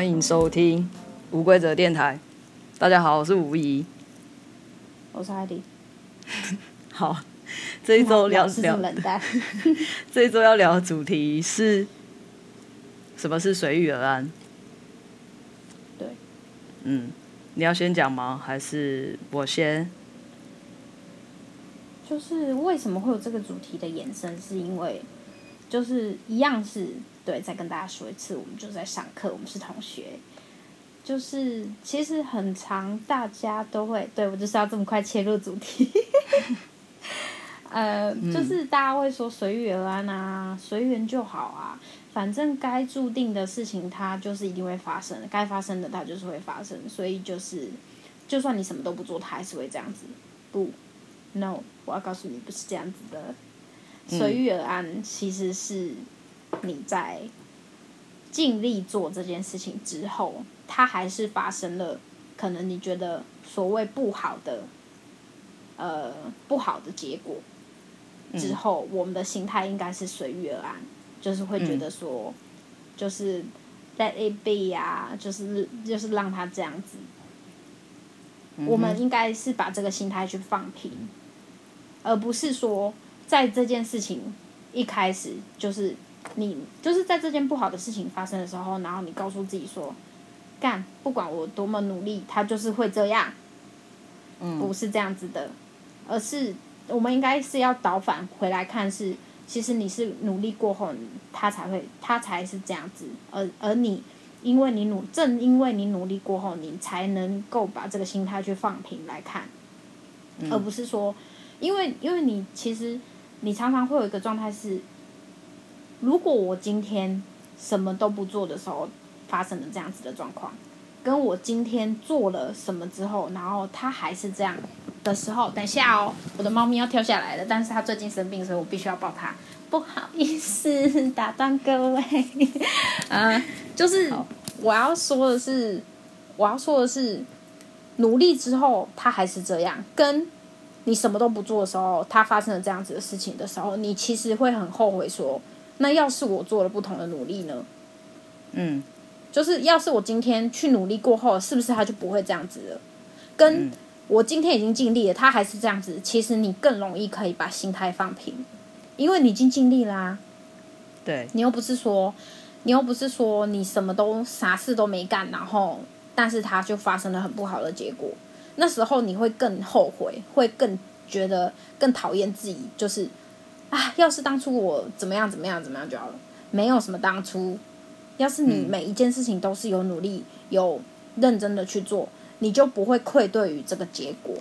歡迎收聽 Okay. Hello. 無規則電台。大家好，我是無疑，我是海迪。好，這一週聊聊，這一週要聊的主題是什麼是隨遇而安？對，嗯，你要先講嗎？還是我先？就是為什麼會有這個主題的延伸？是因為就是一樣是。對，再跟大家說一次，我們就在上課，我們是同學，就是其實很常，大家都會，對，我就是要這麼快切入主題， 呃，嗯、就是大家會說隨遇而安啊，隨緣就好啊，反正該注定的事情它就是一定會發生，該發生的它就是會發生，所以就是就算你什麼都不做，它還是會這樣子。不，no，我要告訴你，不是這樣子的，隨遇而安其實是。嗯你在盡力做這件事情之後，它還是發生了，可能你覺得所謂不好的，呃，不好的結果之後，嗯、我們的心態應該是隨遇而安，就是會覺得說，嗯、就是 Let it be 啊，就是就是讓它這樣子，嗯、哼我們應該是把這個心態去放平，而不是說在這件事情一開始就是。你就是在這件不好的事情發生的時候，然後你告訴自己說：“幹，不管我多麼努力，他就是會這樣。”嗯，不是這樣子的，而是我們應該是要倒返回來看是，是其實你是努力過後，他才會，他才是這樣子。而而你，因為你努，正因為你努力過後，你才能夠把這個心態去放平來看，嗯，而不是說，因為因為你其實你常常會有一個狀態是。如果我今天什麼都不做的時候，發生了這樣子的狀況，跟我今天做了什麼之後，然後他還是這樣的時候，等一下哦，我的貓咪要跳下來了，但是它最近生病，所以我必須要抱它。不好意思，打斷各位，啊， 就是我要說的是，我要說的是，努力之後它還是這樣，跟你什麼都不做的時候，它發生了這樣子的事情的時候，你其實會很後悔說。那要是我做了不同的努力呢？嗯，就是要是我今天去努力過後，是不是他就不會這樣子了？跟，嗯，我今天已經盡力了，他還是這樣子，其實你更容易可以把心態放平，因為你已經盡力啦，啊。對，你又不是說，你又不是說你什麼都啥事都沒幹，然後但是他就發生了很不好的結果，那時候你會更後悔，會更覺得更討厭自己，就是。啊！要是當初我怎麼樣怎麼樣怎麼樣就好了。沒有什麼當初。要是你每一件事情都是有努力、嗯、有認真的去做，你就不會愧對於這個結果，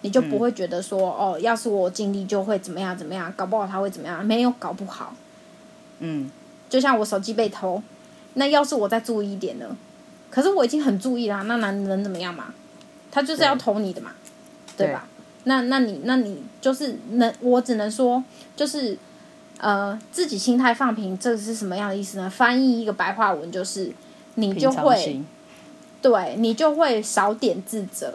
你就不會覺得說，嗯、哦，要是我盡力就會怎麼樣怎麼樣，搞不好他會怎麼樣？沒有搞不好。嗯。就像我手機被偷，那要是我再注意一點呢？可是我已經很注意啦，那男人能怎麼樣嘛？他就是要偷你的嘛，對，對吧？那那你那你就是能，我只能說就是，呃，自己心態放平，這是什麼樣的意思呢？翻譯一個白話文就是，你就會，對，你就會少點自責。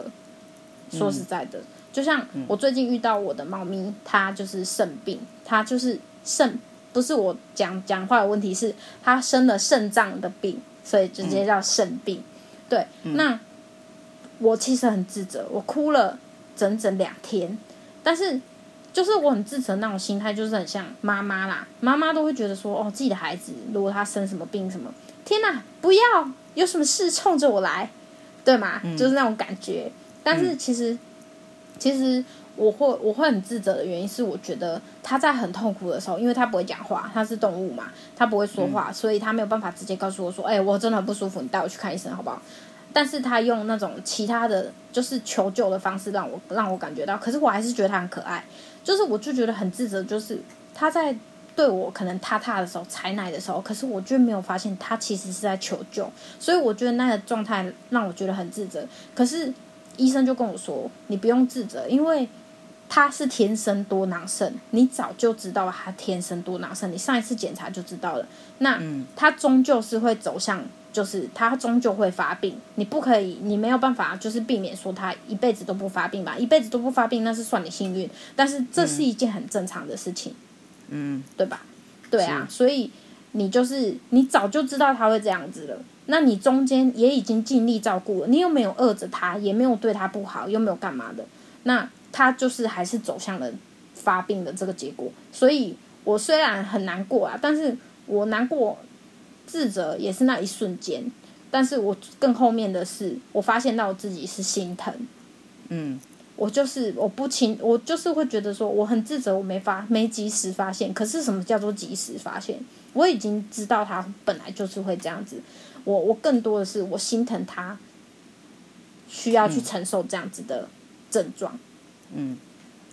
嗯、說實在的，就像我最近遇到我的貓咪，它就是腎病，它就是腎，不是我講講話的問題，是它生了腎臟的病，所以直接叫腎病。嗯、對，那我其實很自責，我哭了。整整兩天，但是就是我很自責那種心態，就是很像媽媽啦。媽媽都會覺得說，哦，自己的孩子如果他生什麼病什麼，天哪，不要有什麼事衝着我來，對嗎？嗯、就是那種感覺。但是其實，嗯、其實我會我會很自責的原因是，我覺得他在很痛苦的時候，因為他不會講話，他是動物嘛，他不會說話，嗯、所以他沒有辦法直接告訴我說，哎、欸，我真的很不舒服，你帶我去看醫生好不好？但是他用那種其他的就是求救的方式讓我讓我感覺到，可是我還是覺得他很可愛，就是我就覺得很自責，就是他在對我可能踏踏的時候踩奶的時候，可是我就沒有發現他其實是在求救，所以我覺得那個狀態讓我覺得很自責。可是醫生就跟我說，你不用自責，因為他是天生多囊腎，你早就知道他天生多囊腎，你上一次檢查就知道了。那他終究是會走向。就是他終究會發病，你不可以，你沒有辦法，就是避免說他一輩子都不發病吧，一輩子都不發病那是算你幸運，但是這是一件很正常的事情，嗯，對吧？嗯、對啊，是所以你就是你早就知道他會這樣子了，那你中間也已經盡力照顧了，你又沒有餓着他，也沒有對他不好，又沒有幹嘛的，那他就是還是走向了發病的這個結果，所以我雖然很難過啊，但是我難過。自責也是那一瞬間，但是我更後面的是，我發現到我自己是心疼，嗯，我就是我不清，我就是會覺得說我很自責，我沒發沒及時發現。可是什麼叫做及時發現？我已經知道他本來就是會這樣子，我我更多的是我心疼他需要去承受這樣子的症狀，嗯，嗯，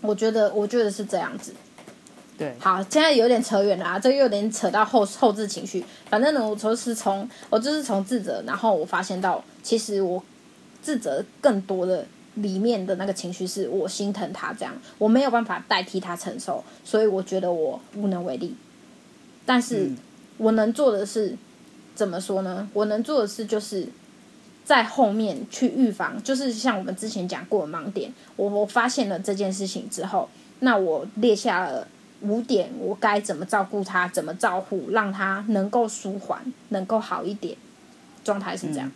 我覺得我覺得是這樣子。對，好，現在有點扯遠了啊，這又有點扯到後後置情緒。反正呢，我從是從，我就是從自責，然後我發現到其實我自責更多的裡面的那個情緒是我心疼他這樣，我沒有辦法代替他承受，所以我覺得我無能為力。但是我能做的是、嗯、怎麼說呢？我能做的是就是在後面去預防，就是像我們之前講過的盲點。我我發現了這件事情之後，那我列下了。五點，我該怎麼照顧他？怎麼照顧讓他能夠舒緩，能夠好一點？狀態是這樣。嗯、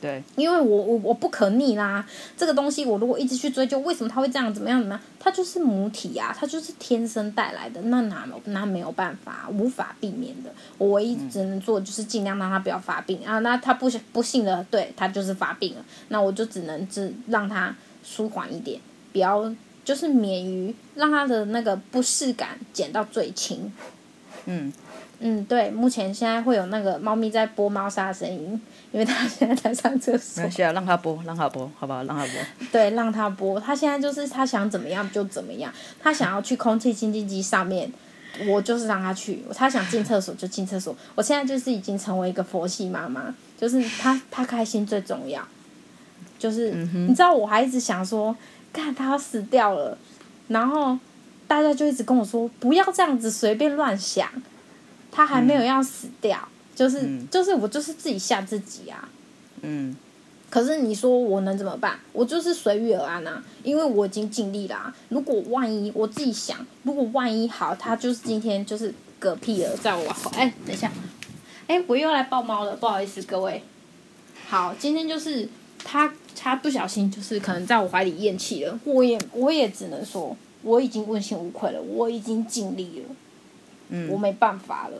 對，因為我我我不可逆啦。這個東西，我如果一直去追究，為什麼他會這樣？怎麼樣呢？怎麼樣？他就是母體啊，他就是天生帶來的。那哪？那沒有辦法，無法避免的。我唯一只能做就是盡量讓他不要發病、嗯、啊。那他不不幸的，對他就是發病了。那我就只能只讓他舒緩一點，不要。就是免於讓他的那個不適感減到最輕。嗯嗯，對，目前現在會有那個貓咪在撥貓砂的聲音，因為它現在在上廁所。那需要讓它撥，讓它撥好不好？讓它撥。對，讓它撥。它現在就是它想怎麼樣就怎麼樣，它想要去空氣清淨機上面，我就是讓它去。它想進廁所就進廁所。我現在就是已經成為一個佛系媽媽，就是它它開心最重要。就是、嗯、哼你知道，我還一直想說。看，他要死掉了，然後大家就一直跟我說不要這樣子隨便亂想，他還沒有要死掉，嗯、就是、嗯、就是我就是自己嚇自己啊，嗯。可是你說我能怎麼辦？我就是隨遇而安啊，因為我已經盡力了、啊。如果萬一我自己想，如果萬一好，他就是今天就是嗝屁了，在我好，哎、欸，等一下，哎、欸，我又來抱貓了，不好意思各位。好，今天就是。他他不小心就是可能在我懷裡咽氣了，我也我也只能說我已經問心無愧了，我已經盡力了，嗯，我沒辦法了，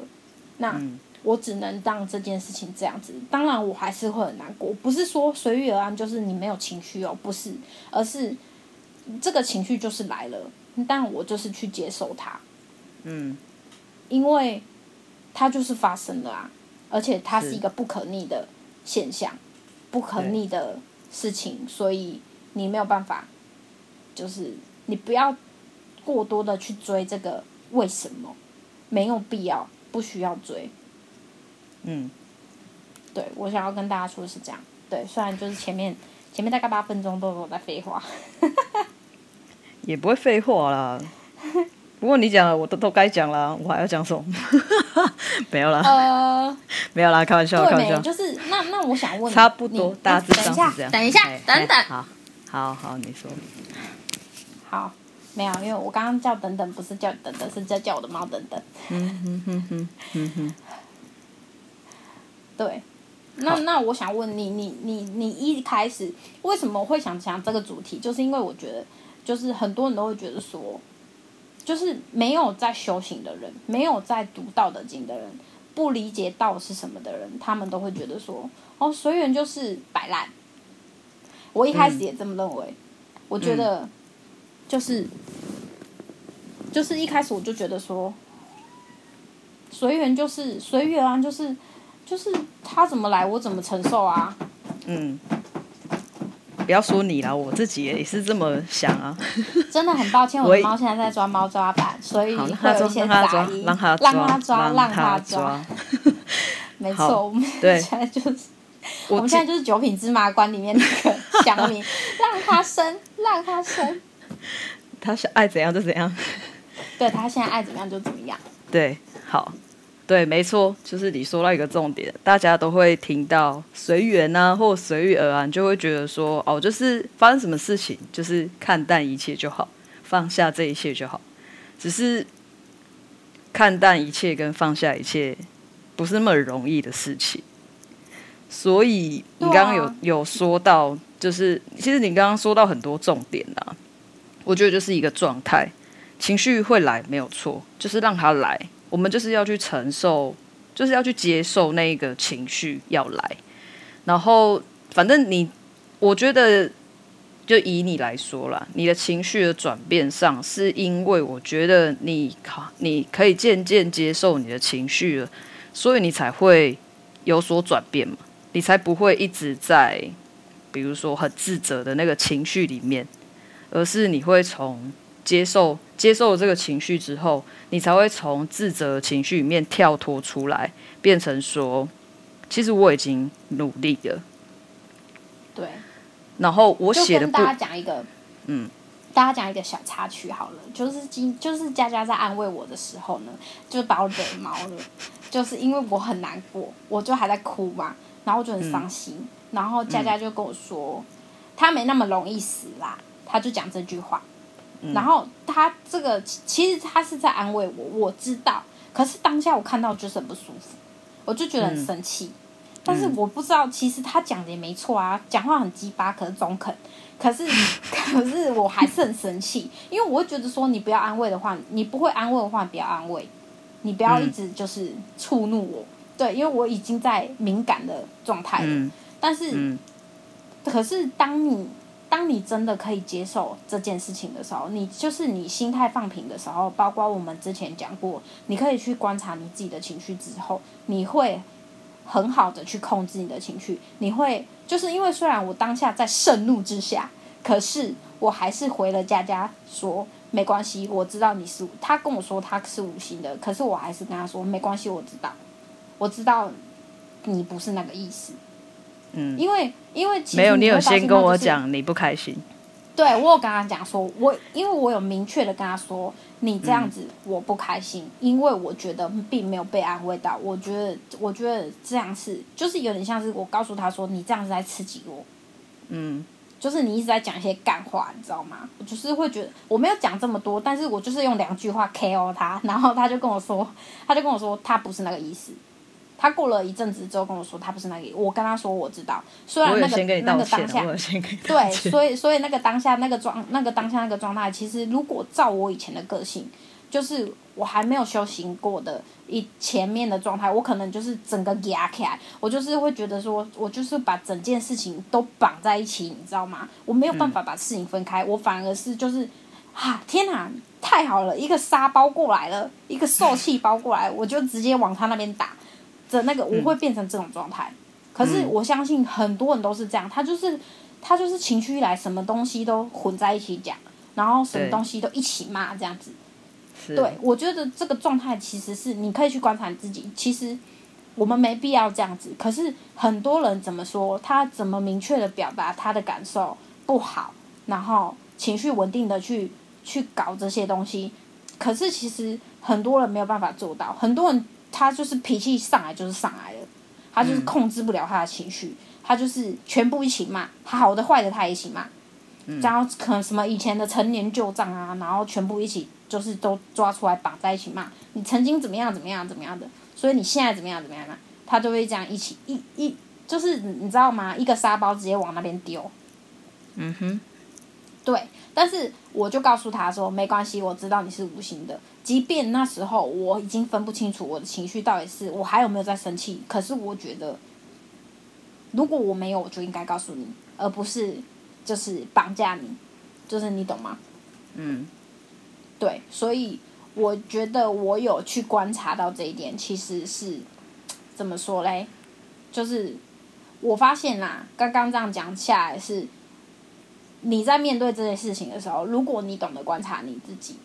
那、嗯、我只能讓這件事情這樣子。當然我還是會很難過，不是說隨遇而安，就是你沒有情緒哦、喔，不是，而是這個情緒就是來了，但我就是去接受它，嗯，因為它就是發生了啊，而且它是一個不可逆的現象。不可逆的事情，對所以你沒有辦法，就是你不要過多的去追這個為什麼，沒有必要，不需要追。嗯，對，我想要跟大家說的是這樣。對，雖然就是前面 前面大概八分鐘都有在廢話， 也不會廢話啦。 不過你講了，我都都該講了，我還要講什麼？沒有啦。呃，沒有啦，開玩笑，開玩笑。就是那那我想問，差不多大致上是這樣。等一下，等等。好，好好，你說。好，沒有，因為我剛剛叫等等，不是叫等等，是叫叫我的貓等等。嗯哼哼哼哼哼。對，那那我想問你，你你你一開始為什麼會想講這個主題？就是因為我覺得，就是很多人都會覺得說。就是沒有在修行的人，沒有在讀《道德經》的人，不理解道是什麼的人，他們都會覺得說：“哦，隨緣就是擺爛。”我一開始也這麼認為，嗯、我覺得就是就是一開始我就覺得說，隨緣就是隨緣，就是就是他怎麼來，我怎麼承受啊？嗯。不要說你了，我自己也是這麼想啊。 真的很抱歉，我的貓現在在抓貓抓板，所以會有一些雜音。讓它抓，讓它抓，他抓他抓沒錯，我們現在就是對我們現在就是九品芝麻官裡面那個祥林，我這 讓它生，讓它生。它是愛怎樣就怎樣。 對，它現在愛怎麼樣就怎麼樣。對，好。對，沒錯，就是你說到一個重點，大家都會聽到“隨緣”啊，或隨啊“隨遇而安”，就會覺得說：“哦，就是發生什麼事情，就是看淡一切就好，放下這一切就好。”只是看淡一切跟放下一切不是那麼容易的事情。所以你剛剛有有說到，就是其實你剛剛說到很多重點啦、啊，我覺得就是一個狀態，情緒會來沒有錯，就是讓它來。我們就是要去承受，就是要去接受那個情緒要來。然後，反正你，我覺得，就以你來說啦，你的情緒的轉變上，是因為我覺得你，你可以漸漸接受你的情緒了，所以你才會有所轉變嘛。你才不會一直在，比如說很自責的那個情緒裡面，而是你會從接受。接受了這個情緒之後，你才會從自責情緒裡面跳脫出來，變成說，其實我已經努力了。對，然後我寫了就跟大家講一個，嗯，大家講一個小插曲好了，就是今就是佳佳在安慰我的時候呢，就把我惹毛了，就是因為我很難過，我就還在哭嘛，然後我就很傷心，嗯、然後佳佳就跟我說，嗯、他沒那麼容易死啦，他就講這句話。然後他這個其實他是在安慰我，我知道。可是當下我看到就是很不舒服，我就覺得很生氣。嗯、但是我不知道，其實他講的也沒錯啊，講話很雞巴，可是中肯。可是， 可是我還是很生氣，因為我會覺得說你不要安慰的話，你不會安慰的話，不要安慰。你不要一直就是觸怒我，嗯、對，因為我已經在敏感的狀態了。嗯、但是，嗯、可是當你。當你真的可以接受這件事情的時候，你就是你心態放平的時候，包括我們之前講過，你可以去觀察你自己的情緒之後，你會很好的去控制你的情緒。你會就是因為雖然我當下在盛怒之下，可是我還是回了佳佳說沒關係，我知道你是，他跟我說他是無心的，可是我還是跟他說沒關係，我知道，我知道你不是那個意思。嗯因，因為因為、就是、沒有，你有先跟我講你不開心，對，我有跟他講說，我因為我有明確的跟他說，你這樣子我不開心，嗯、因為我覺得並沒有被安慰到，我覺得我覺得這樣是就是有點像是我告訴他說，你這樣子在刺激我，嗯，就是你一直在講一些乾話，你知道嗎？就是會覺得我沒有講這麼多，但是我就是用兩句話 KO 他，然後他就跟我說，他就跟我說他不是那個意思。他過了一陣子之後跟我說，他不是那個。我跟他說我知道，雖然那個那個當下，對，所以所以那個當下那個狀那個當下那個狀態，其實如果照我以前的個性，就是我還沒有修行過的一前面的狀態，我可能就是整個壓起來，我就是會覺得說，我就是把整件事情都綁在一起，你知道嗎？我沒有辦法把事情分開，嗯、我反而是就是啊，天哪，太好了，一個沙包過來了，一個受氣包過來， 我就直接往他那邊打。的那個我會變成這種狀態，嗯、可是我相信很多人都是這樣，他就是他就是情緒一來，什麼東西都混在一起講，然後什麼東西都一起罵這樣子。欸、對，我覺得這個狀態其實是你可以去觀察你自己，其實我們沒必要這樣子。可是很多人怎麼說，他怎麼明確的表達他的感受不好，然後情緒穩定的去去搞這些東西，可是其實很多人沒有辦法做到，很多人。他就是脾氣上來就是上來了，他就是控制不了他的情緒，嗯、他就是全部一起罵，好的壞的他也一起罵，嗯、然後可能什麼以前的陳年舊賬啊，然後全部一起就是都抓出來綁在一起罵，你曾經怎麼樣怎麼樣怎麼樣的，所以你現在怎麼樣怎麼樣呢？他就會這樣一起一一，就是你知道嗎？一個沙包直接往那邊丟。嗯哼，對，但是我就告訴他說，沒關係，我知道你是無心的。即便那時候我已經分不清楚我的情緒到底是我還有沒有在生氣，可是我覺得，如果我沒有，我就應該告訴你，而不是就是綁架你，就是你懂嗎？嗯，對，所以我覺得我有去觀察到這一點，其實是怎麼說嘞？就是我發現啦、啊，剛剛這樣講下來是，你在面對這些事情的時候，如果你懂得觀察你自己。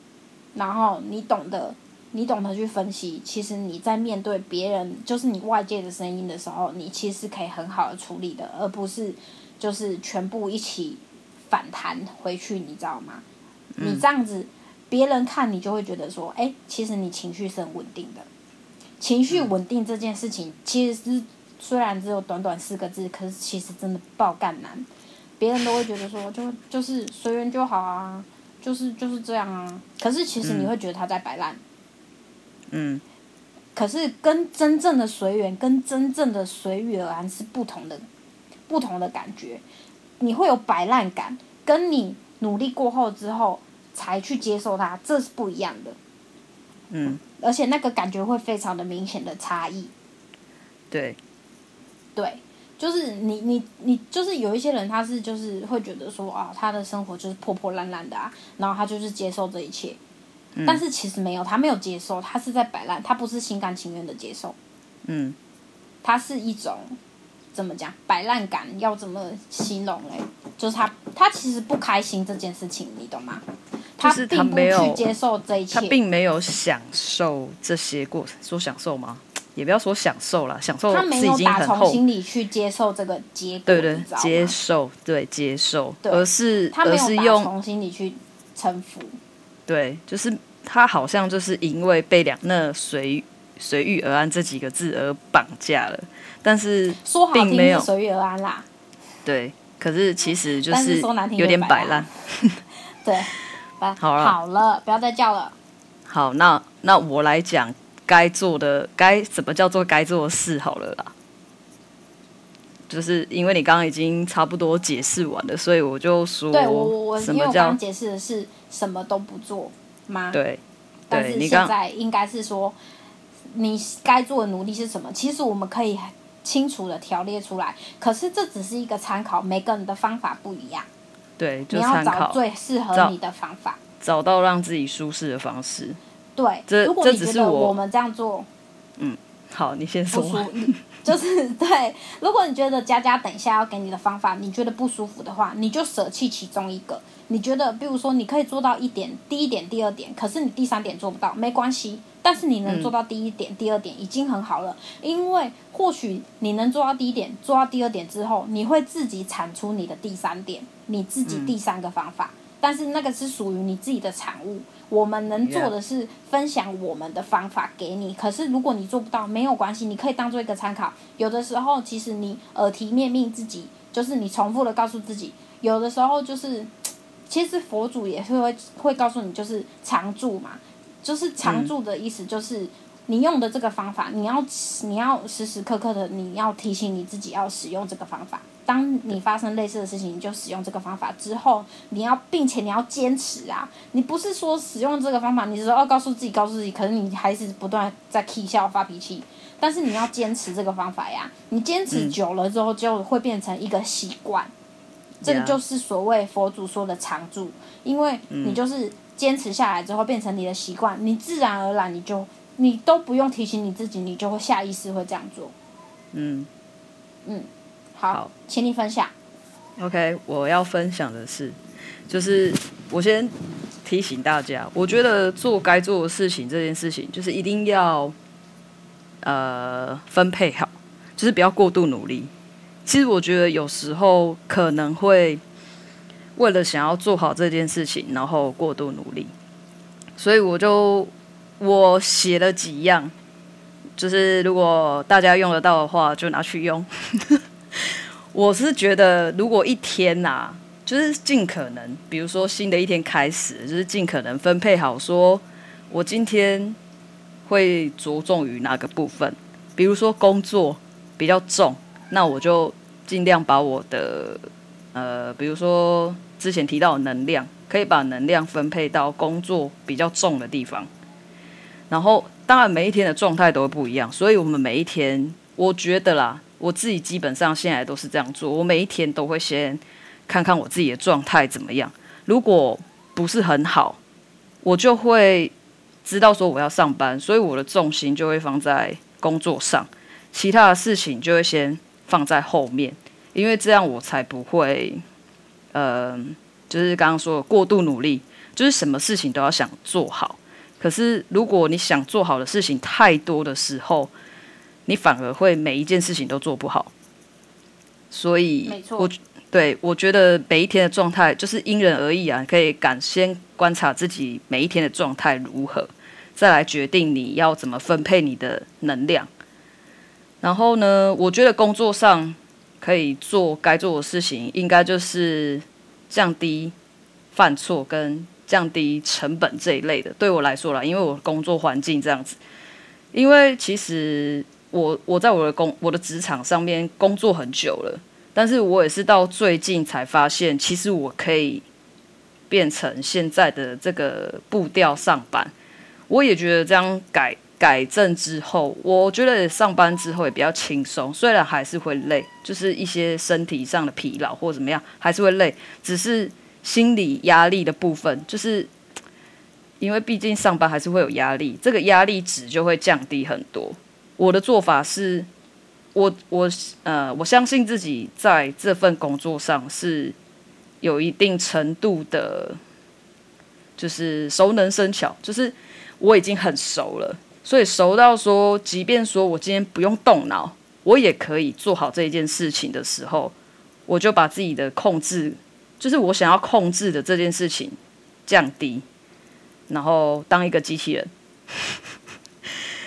然後你懂得，你懂得去分析。其實你在面對別人，就是你外界的聲音的時候，你其實可以很好的處理的，而不是就是全部一起反彈回去，你知道嗎？嗯、你這樣子，別人看你就會覺得說，哎、欸，其實你情緒是很穩定的。情緒穩定這件事情，其實是雖然只有短短四個字，可是其實真的爆幹難。別人都會覺得說，就就是隨緣就好啊。就是就是這樣啊，可是其實你會覺得他在擺爛，嗯，可是跟真正的隨緣、跟真正的隨遇而安是不同的，不同的感覺，你會有擺爛感，跟你努力過後之後才去接受它，這是不一樣的，嗯，嗯，而且那個感覺會非常的明顯的差異，對，對。就是你你你，你就是有一些人，他是就是會覺得說啊、哦，他的生活就是破破爛爛的啊，然後他就是接受這一切，嗯、但是其實沒有，他沒有接受，他是在擺爛，他不是心甘情願的接受，嗯，他是一種怎麼講，擺爛感要怎麼形容嘞？就是他他其實不開心這件事情，你懂嗎？是他沒有，他並不去接受這一切，他並沒有享受這些過程，說享受嗎？也不要說享受了，享受了已經很厚。他沒有打從心裡去接受這個結果。對對，對，接受，對接受，而是而是用從心裡去臣服。對，就是他好像就是因為被兩那隨隨遇而安這幾個字而綁架了，但是好並沒有隨遇而安啦。對，可是其實就是，是就有點擺爛。 對，把好了啦好了啦，不要再叫了。好，那那我來講。該做的該什麼叫做該做的事好了啦，就是因為你剛剛已經差不多解釋完了，所以我就說，對我我麼因為我剛剛解釋的是什麼都不做嗎？對，但是現在應該是說你，剛你該做的努力是什麼？其實我們可以很清楚的條列出來，可是這只是一個參考，每個人的方法不一樣，對，就參考你要找最適合你的方法找，找到讓自己舒適的方式。對，這如果你覺得我們這樣做這這。嗯，好，你先說。就是對，如果你覺得佳佳等一下要給你的方法，你覺得不舒服的話，你就捨棄其中一個。你覺得，比如說，你可以做到一點，第一點，第二點，可是你第三點做不到，沒關係。但是你能做到第一點、嗯、第二點，已經很好了，因為或許你能做到第一點、做到第二點之後，你會自己產出你的第三點，你自己第三個方法。嗯、但是那個是屬於你自己的產物。我們能做的是分享我們的方法給你，Yeah. 可是如果你做不到，沒有關係，你可以當做一個參考。有的時候，其實你耳提面命自己，就是你重複的告訴自己。有的時候，就是其實佛祖也會會告訴你，就是常住嘛，就是常住的意思，就是、嗯、你用的這個方法，你要你要時時刻刻的，你要提醒你自己要使用這個方法。當你發生類似的事情，你就使用這個方法之後，你要並且你要堅持啊！你不是說使用這個方法，你是說要、哦、告訴自己，告訴自己，可是你還是不斷在氣笑發脾氣。但是你要堅持這個方法呀、啊！你堅持久了之後，就會變成一個習慣。嗯、這個就是所謂佛祖說的常住，因為你就是堅持下來之後，變成你的習慣，你自然而然你就你都不用提醒你自己，你就會下意識會這樣做。嗯嗯。嗯好，請你分享。OK，我要分享的是，就是我先提醒大家，我覺得做該做的事情這件事情，就是一定要呃分配好，就是不要過度努力。其實我覺得有時候可能會為了想要做好這件事情，然後過度努力。所以我就我寫了幾樣，就是如果大家用得到的話，就拿去用。 我是覺得，如果一天吶、啊，就是盡可能，比如說新的一天開始，就是盡可能分配好說，說我今天會着重於哪個部分，比如說工作比較重，那我就盡量把我的呃，比如說之前提到的能量，可以把能量分配到工作比較重的地方。然後，當然每一天的狀態都會不一樣，所以我們每一天，我覺得啦。我自己基本上現在都是這樣做，我每一天都會先看看我自己的狀態怎麼樣。如果不是很好，我就會知道說我要上班，所以我的重心就會放在工作上，其他的事情就會先放在後面，因為這樣我才不會，嗯、呃，就是剛剛說的過度努力，就是什麼事情都要想做好。可是如果你想做好的事情太多的時候，你反而會每一件事情都做不好，所以，沒錯。我對，我覺得每一天的狀態就是因人而異啊。可以敢先觀察自己每一天的狀態如何，再來決定你要怎麼分配你的能量。然後呢，我覺得工作上可以做該做的事情，應該就是降低犯錯跟降低成本這一類的。對我來說啦，因為我工作環境這樣子，因為其實。我我在我的工我的職場上面工作很久了，但是我也是到最近才發現，其實我可以變成現在的這個步調上班。我也覺得這樣改改正之後，我覺得上班之後也比較輕鬆，雖然還是會累，就是一些身體上的疲勞或怎麼樣還是會累，只是心理壓力的部分，就是因為畢竟上班還是會有壓力，這個壓力值就會降低很多。我的做法是，我我呃，我相信自己在這份工作上是有一定程度的，就是熟能生巧，就是我已經很熟了，所以熟到說，即便說我今天不用動腦，我也可以做好這一件事情的時候，我就把自己的控制，就是我想要控制的這件事情降低，然後當一個機器人。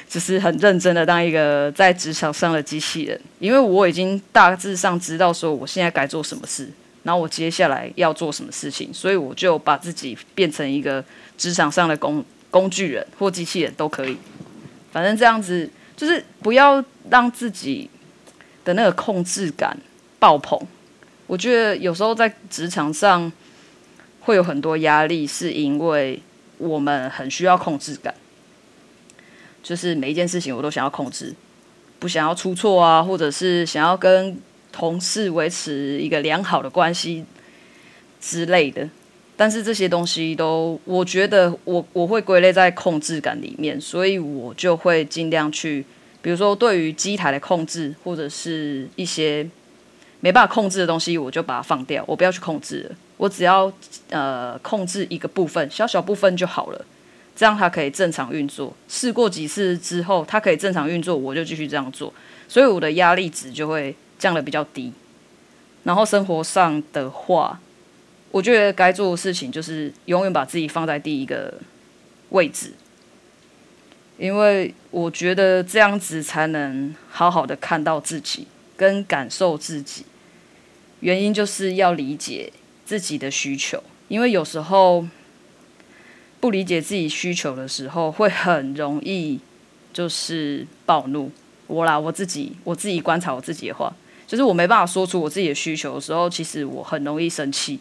只是很認真的當一個在職場上的機器人，因為我已經大致上知道說我現在該做什麼事，然後我接下來要做什麼事情，所以我就把自己變成一個職場上的工工具人或機器人都可以。反正這樣子就是不要讓自己的那個控制感爆棚。我覺得有時候在職場上會有很多壓力，是因為我們很需要控制感。就是每一件事情我都想要控制，不想要出錯啊，或者是想要跟同事維持一個良好的關係之類的。但是這些東西都，我覺得我我會歸類在控制感裡面，所以我就會盡量去，比如說對於機台的控制，或者是一些沒辦法控制的東西，我就把它放掉，我不要去控制了，我只要呃控制一個部分，小小部分就好了。這樣他可以正常運作。試過幾次之後，他可以正常運作，我就繼續這樣做。所以我的壓力值就會降得比較低。然後生活上的話，我覺得該做的事情就是永遠把自己放在第一個位置，因為我覺得這樣子才能好好的看到自己跟感受自己。原因就是要理解自己的需求，因為有時候。不理解自己需求的時候，會很容易就是暴怒。我啦，我自己，我自己觀察我自己的話，就是我沒辦法說出我自己的需求的時候，其實我很容易生氣。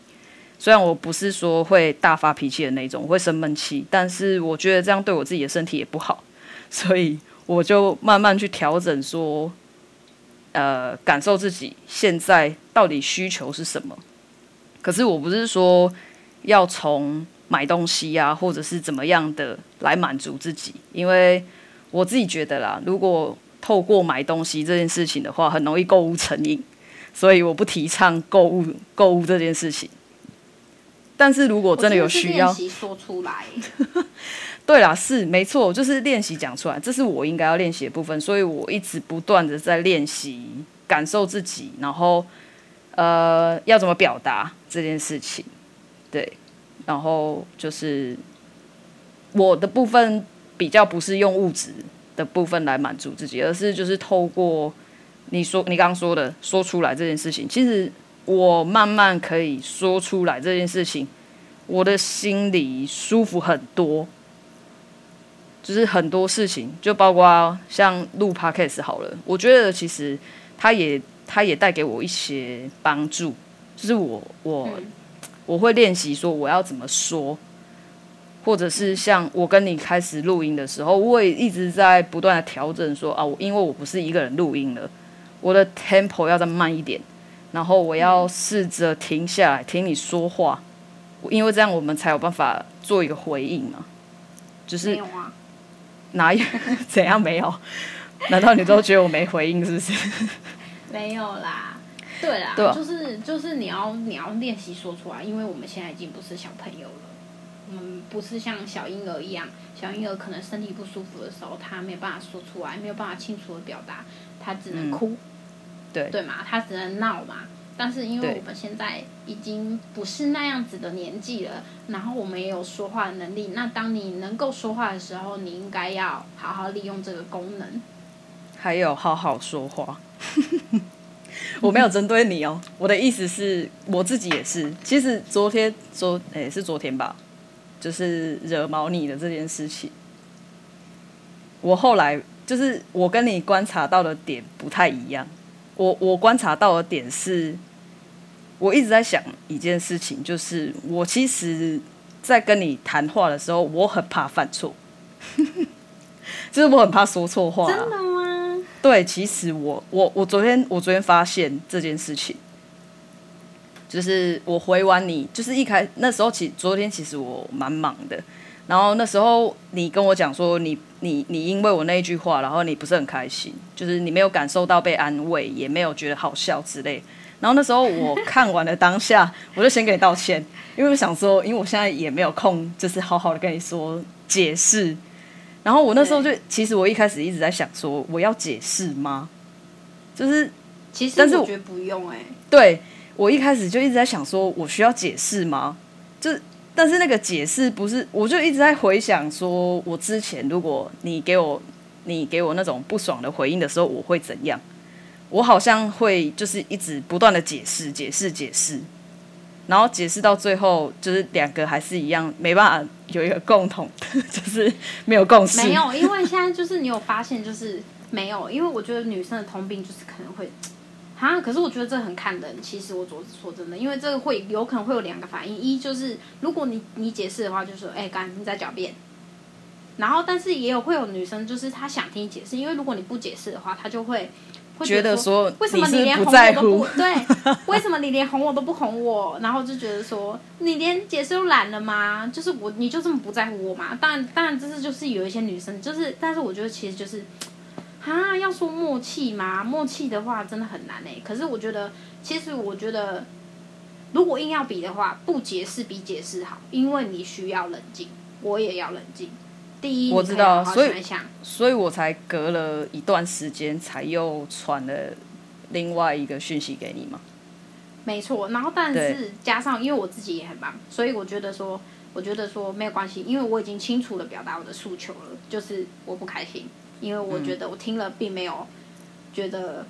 雖然我不是說會大發脾氣的那種，我會生悶氣，但是我覺得這樣對我自己的身體也不好，所以我就慢慢去調整，說，呃，感受自己現在到底需求是什麼。可是我不是說要從。買東西呀、啊，或者是怎麼樣的來滿足自己，因為我自己覺得啦，如果透過買東西這件事情的話，很容易購物成癮，所以我不提倡購物購物這件事情。但是如果真的有需要，我是練習說出來。 對啦，是沒錯，就是練習講出來，這是我應該要練習的部分，所以我一直不斷的在練習感受自己，然後呃，要怎麼表達這件事情，對。然後就是我的部分比較不是用物質的部分來滿足自己，而是就是透過你說你剛剛說的說出來這件事情。其實我慢慢可以說出來這件事情，我的心裡舒服很多。就是很多事情，就包括像錄 podcast 好了，我覺得其實他也他也帶給我一些幫助。就是我我。嗯我會練習說我要怎麼說，或者是像我跟你開始錄音的時候，我也一直在不斷的調整說啊，我因為我不是一個人錄音了，我的 tempo 要再慢一點，然後我要試着停下來、嗯、聽你說話，因為這樣我們才有辦法做一個回應嘛。就是、沒有啊？哪有，怎樣沒有？ 難道你都覺得我沒回應？是不是？沒有啦。對啦，對就是就是你要你要練習說出來，因為我們現在已經不是小朋友了，我、嗯、們不是像小嬰兒一樣，小嬰兒可能身體不舒服的時候，他沒有辦法說出來，沒有辦法清楚的表達，他只能哭，嗯、對對嘛，他只能鬧嘛。但是因為我們現在已經不是那樣子的年紀了，對然後我們也有說話的能力，那當你能夠說話的時候，你應該要好好利用這個功能，還有好好說話。 我沒有針對你哦，我的意思是，我自己也是。其實昨天，昨、哎、欸、是昨天吧，就是惹毛你的這件事情，我後來就是我跟你觀察到的點不太一樣。我我觀察到的點是，我一直在想一件事情，就是我其實，在跟你談話的時候，我很怕犯錯， 就是我很怕說錯話、啊。對，其實我我我昨天我昨天發現這件事情，就是我回完你，就是一開始那時候其昨天其實我蠻忙的，然後那時候你跟我講說你你你因為我那一句話，然後你不是很開心，就是你沒有感受到被安慰，也沒有覺得好笑之類，然後那時候我看完了當下， 我就先給你道歉，因為我想說，因為我現在也沒有空，就是好好的跟你說解釋。然後我那時候就，對其實我一開始一直在想說，我要解釋嗎？就是其實，但是我覺得不用哎、欸。對，我一開始就一直在想說，我需要解釋嗎？就但是那個解釋不是，我就一直在回想說，我之前如果你給我你給我那種不爽的回應的時候，我會怎樣？我好像會就是一直不斷的解釋，解釋，解釋。然後解釋到最後，就是兩個還是一樣，沒辦法有一個共同的，呵呵就是沒有共識。沒有，因為現在就是你有發現，就是沒有，因為我覺得女生的通病就是可能會啊。可是我覺得這很看人，其實我昨說真的，因為這個會有可能會有兩個反應：一就是如果你你解釋的話，就是，就說哎，剛剛你在狡辯。然後，但是也有會有女生，就是她想聽你解釋，因為如果你不解釋的話，她就會。會覺得說，得說為什麼你連哄我都不？ 對，為什麼你連哄我都不哄我？然後就覺得說，你連解釋都懶了嗎？就是我，你就這麼不在乎我嗎？當然，當然，這是就是有一些女生，就是，但是我覺得其實就是，啊，要說默契嘛，默契的話真的很難哎、欸。可是我覺得，其實我覺得，如果硬要比的話，不解釋比解釋好，因為你需要冷靜，我也要冷靜。第一，我知道，所以所以我才隔了一段時間才又傳了另外一個訊息給你嘛。沒錯，然後但是對加上因為我自己也很忙，所以我覺得說我覺得說沒有關係，因為我已經清楚的表達我的訴求了，就是我不開心，因為我覺得我聽了並沒有覺得，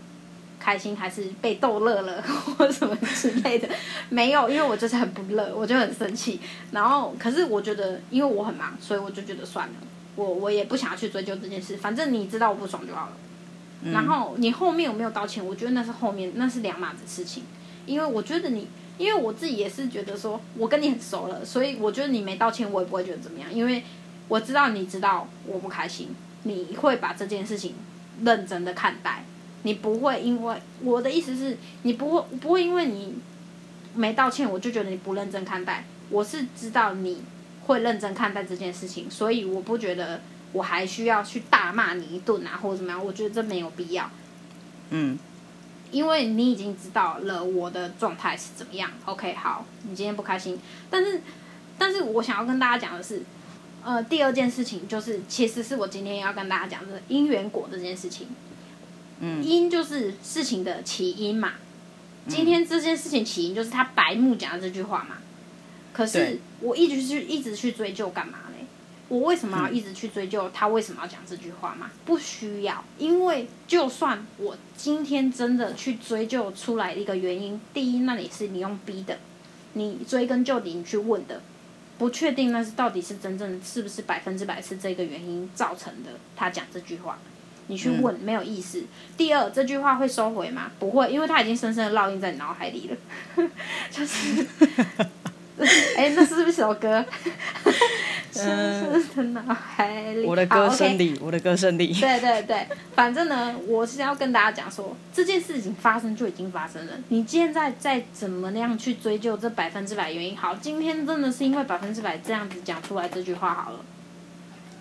開心還是被逗樂了或什麼之類的， 沒有，因為我就是很不樂，我就很生氣。然後，可是我覺得，因為我很忙，所以我就覺得算了，我我也不想要去追究這件事。反正你知道我不爽就好了。嗯、然後你後面有沒有道歉，我覺得那是後面那是兩碼子事情。因為我覺得你，因為我自己也是覺得說，我跟你很熟了，所以我覺得你沒道歉，我也不會覺得怎麼樣。因為我知道你知道我不開心，你會把這件事情認真的看待。你不會，因為我的意思是，你不會不會因為你沒道歉，我就覺得你不認真看待。我是知道你會認真看待這件事情，所以我不覺得我還需要去大罵你一頓啊，或者怎麼樣。我覺得這沒有必要。嗯，因為你已經知道了我的狀態是怎麼樣。OK，好，你今天不開心，但是但是我想要跟大家講的是，呃，第二件事情就是，其實是我今天要跟大家講的因緣果這件事情。因就是事情的起因嘛。今天這件事情起因就是他白目講的這句話嘛。可是我一直去一直去追究幹嘛呢？我為什麼要一直去追究他為什麼要講這句話嘛？不需要，因為就算我今天真的去追究出來一個原因，第一，那裡是你用逼的，你追根究底你去問的，不確定那是到底是真正是不是百分之百是這個原因造成的，他講這句話。你去問、嗯、沒有意思。第二，這句話會收回嗎？不會，因為它已經深深的烙印在你腦海裡了。 就是，哎、 欸，那是不是首歌？ 深深的腦海裡。我的歌聲裡，oh, okay 我的歌聲裡。對對對，反正呢，我是要跟大家講說，這件事情發生就已經發生了。你現在再怎麼那樣去追究這百分之百原因，好，今天真的是因為百分之百這樣子講出來這句話好了。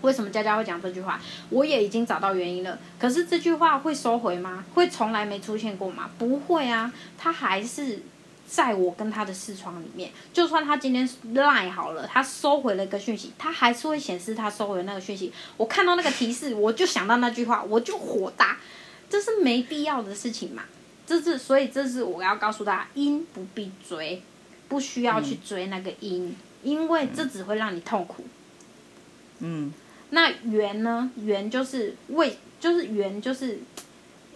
為什麼佳佳會講這句話？我也已經找到原因了。可是這句話會收回嗎？會從來沒出現過嗎？不會啊，他還是在我跟他的視窗裡面。就算他今天賴好了，他收回了一個訊息，他還是會顯示他收回那個訊息。我看到那個提示，我就想到那句話，我就火大。這是沒必要的事情嘛？這是所以這是我要告訴大家，因不必追，不需要去追那個因，嗯、因為這只會讓你痛苦。嗯。嗯那緣呢？緣就是為就是緣就是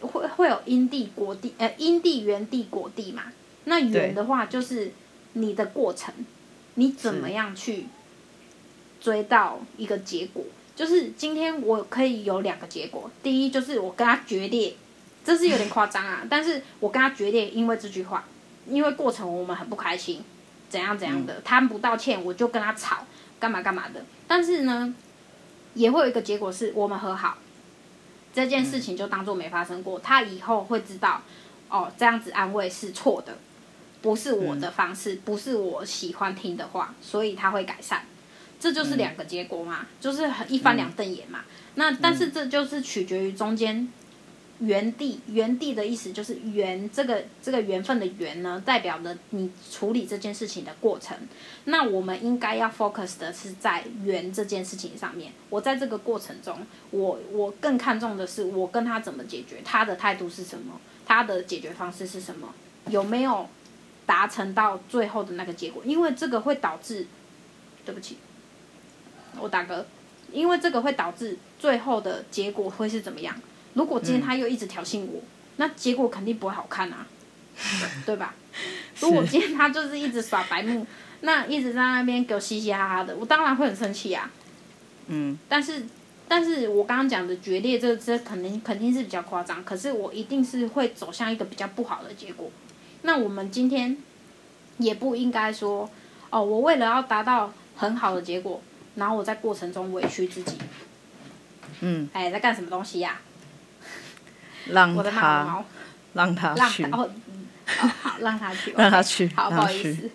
會會有因地果地，呃、因地緣地果地嘛。那緣的話就是你的過程，你怎麼樣去追到一個結果？是就是今天我可以有兩個結果，第一就是我跟他決裂，這是有點誇張啊。 但是我跟他決裂，因為這句話，因為過程我們很不開心，怎樣怎樣的，他、嗯、不道歉，我就跟他吵，幹嘛幹嘛的。但是呢，也會有一個結果，是我們和好，這件事情就當做沒發生過。嗯、他以後會知道，哦，這樣子安慰是錯的，不是我的方式，嗯、不是我喜歡聽的話，所以他會改善。這就是兩個結果嘛，嗯、就是很一翻兩瞪眼嘛。嗯、那但是這就是取決於中間。原地，原地的意思就是緣，這個這個緣分的緣呢，代表了你處理這件事情的過程。那我們應該要 focus 的是在緣這件事情上面。我在這個過程中，我我更看重的是我跟他怎麼解決，他的態度是什麼，他的解決方式是什麼，有沒有達成到最後的那個結果？因為這個會導致，對不起，我打嗝。因為這個會導致最後的結果會是怎麼樣？如果今天他又一直挑釁我，嗯、那結果肯定不會好看啊，是對吧？是如果今天他就是一直耍白目，那一直在那邊給我嘻嘻哈哈的，我當然會很生氣呀、啊。嗯，但是，但是我剛剛講的決裂這，這這肯定肯定是比較誇張，可是我一定是會走向一個比較不好的結果。那我們今天也不應該說哦，我為了要達到很好的結果，然後我在過程中委屈自己。嗯，哎、欸，在幹什麼東西呀、啊？讓他，我的他讓他去，好讓他去，哦嗯哦，讓他去，okay. 好，不好意思。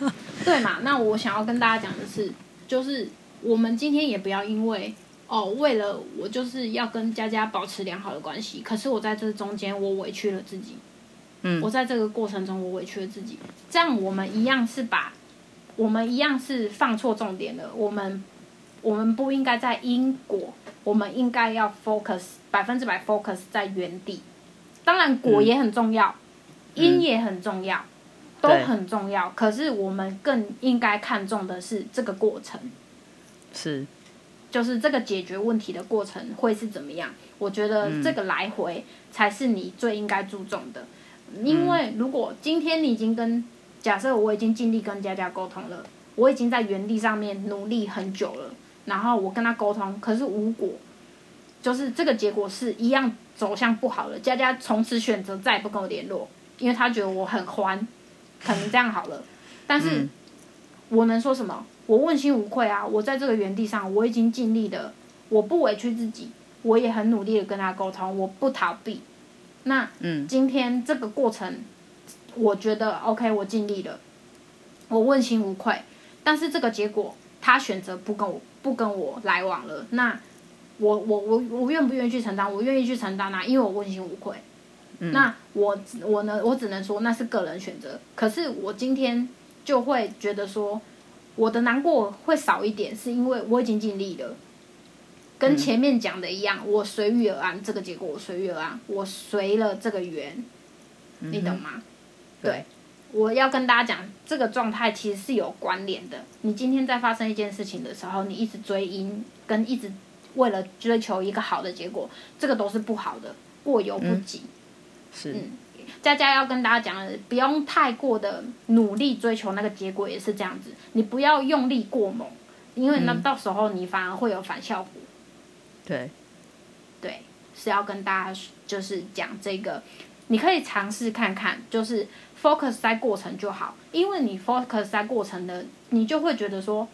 他 對嘛？那我想要跟大家講的是，就是我們今天也不要因為哦，為了我就是要跟佳佳保持良好的關係，可是我在這中間我委屈了自己，嗯，我在這個過程中我委屈了自己，這樣我們一樣是把我們一樣是放錯重點了。我們我們不應該在因果，我們應該要 focus。百分之百 focus 在原地，當然果也很重要，因、嗯、也很重要，嗯、都很重要。對可是我們更應該看重的是這個過程，是，就是這個解決問題的過程會是怎麼樣？我覺得這個來回才是你最應該注重的，嗯、因為如果今天你已經跟假設我已經盡力跟佳佳溝通了，我已經在原地上面努力很久了，然後我跟他溝通，可是無果。就是這個結果是一樣走向不好了。佳佳從此選擇再也不跟我聯絡，因為他覺得我很歡，可能這樣好了。 但是、嗯、我能說什麼？我問心無愧啊！我在這個原地上，我已經盡力的，我不委屈自己，我也很努力的跟他溝通，我不逃避。那、嗯、今天這個過程，我覺得 OK，我盡力了，我問心無愧。但是這個結果，他選擇不跟我不跟我來往了。那我我我我願不願意去承擔？我願意去承擔啊，因為我問心無愧。嗯、那我我呢？我只能說那是個人選擇。可是我今天就會覺得說，我的難過會少一點，是因為我已經盡力了。跟前面講的一樣，嗯、我隨遇而安，這個結果我隨遇而安，我隨了這個緣，嗯、哼你懂嗎？對，我要跟大家講，這個狀態其實是有關聯的。你今天在發生一件事情的時候，你一直追因跟一直。為了追求一個好的結果，這個都是不好的，過猶不及。嗯、是，嗯，佳佳要跟大家講的，不用太過的努力追求那個結果，也是這樣子。你不要用力過猛，因為那到時候你反而會有反效果。嗯、對，對，是要跟大家就是講這個，你可以嘗試看看，就是 focus 在過程就好，因為你 focus 在過程的，你就會覺得說。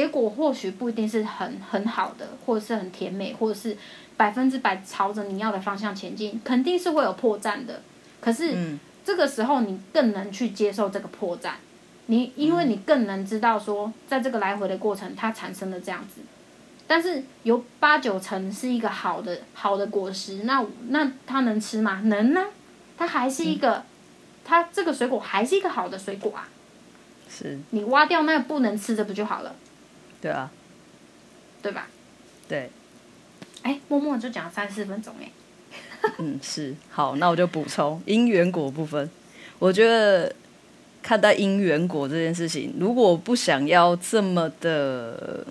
結果或許不一定是很很好的，或者是很甜美，或者是百分之百朝着你要的方向前進，肯定是會有破綻的。可是這個時候你更能去接受這個破綻，嗯、你因為你更能知道說，在這個來回的過程，它產生了這樣子，但是有八九成是一個好的好的果實，那那它能吃嗎？能呢、啊，它還是一個，嗯、它這個水果還是一個好的水果啊。是你挖掉那個不能吃的不就好了？對啊，對吧？對，哎、欸，默默就講三四分鐘哎、欸。 嗯，是，好，那我就補充因緣果部分。我覺得看到因緣果這件事情，如果不想要這麼的，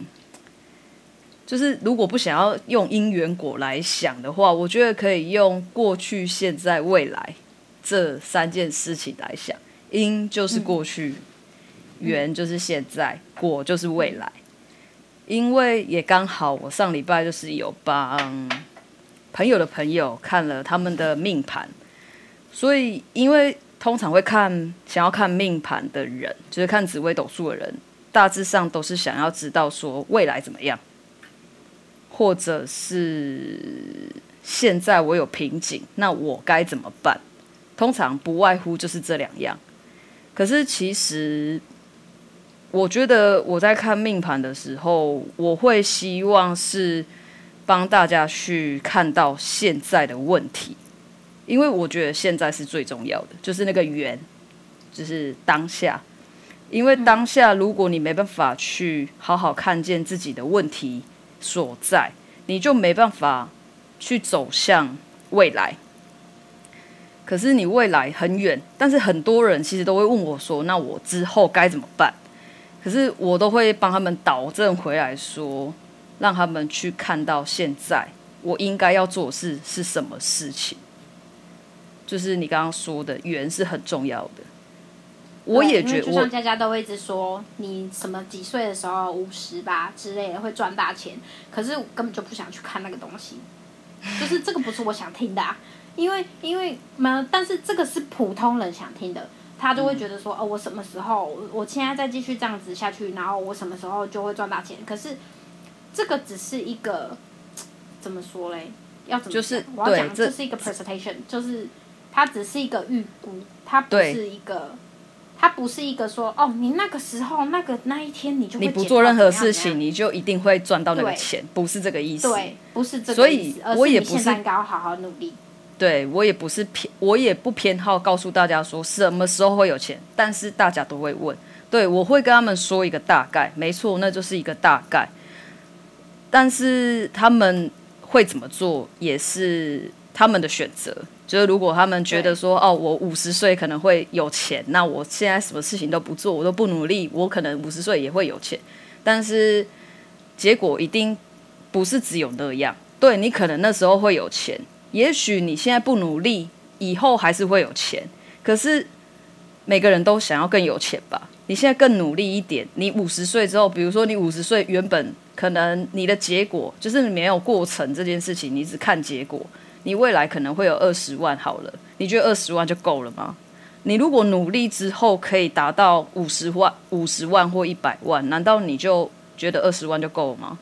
就是如果不想要用因緣果來想的話，我覺得可以用過去、現在、未來這三件事情來想。因就是過去，緣、嗯、就是現在，嗯、果就是未來。因為也剛好，我上禮拜就是有幫朋友的朋友看了他們的命盤，所以因為通常會看想要看命盤的人，就是看紫微斗數的人，大致上都是想要知道說未來怎麼樣，或者是現在我有瓶頸，那我該怎麼辦？通常不外乎就是這兩樣，可是其實。我覺得我在看命盤的時候，我會希望是幫大家去看到現在的問題，因為我覺得現在是最重要的，就是那個緣，就是當下。因為當下，如果你沒辦法去好好看見自己的問題所在，你就沒辦法去走向未來。可是你未來很遠，但是很多人其實都會問我說：“那我之後該怎麼辦？”可是我都會幫他們導正回來說，讓他們去看到現在我應該要做的事是什麼事情。就是你剛剛說的，緣是很重要的。對我也覺得，就像家家都會一直說，我你什麼幾歲的時候五十吧之類的會賺大錢，可是我根本就不想去看那個東西。就是這個不是我想聽的啊， 因為因為嘛，但是這個是普通人想聽的。他就會覺得說，哦，我什麼時候，我現在再繼續這樣子下去，然後我什麼時候就會賺大錢。可是，這個只是一個，怎麼說嘞？要怎麼、就是我要講，對這是一個 presentation，只就是它只是一個預估，它不是一個，對它不是一個說，哦，你那個時候那個那一天你就怎樣怎樣，你不做任何事情，你就一定會賺到那個錢對不個，不是這個意思，對，不是這個意思，所以而是你現在應該要好好努力，我也不是。對，我也不是偏，我也不偏好告訴大家說什麼時候會有錢，但是大家都會問，對，我會跟他們說一個大概，沒錯，那就是一個大概。但是他們會怎麼做，也是他們的選擇。就是如果他們覺得說，對哦，我五十歲可能會有錢，那我現在什麼事情都不做，我都不努力，我可能五十歲也會有錢，但是結果一定不是只有那樣。對，你可能那時候會有錢。也許你現在不努力，以後還是會有錢。可是每個人都想要更有錢吧？你現在更努力一點，你五十歲之後，比如說你五十歲，原本可能你的結果就是你沒有過程這件事情，你只看結果。你未來可能會有二十萬，好了，你覺得二十萬就夠了嗎？你如果努力之後可以達到五十萬、五十萬或一百萬，難道你就覺得二十萬就夠了嗎？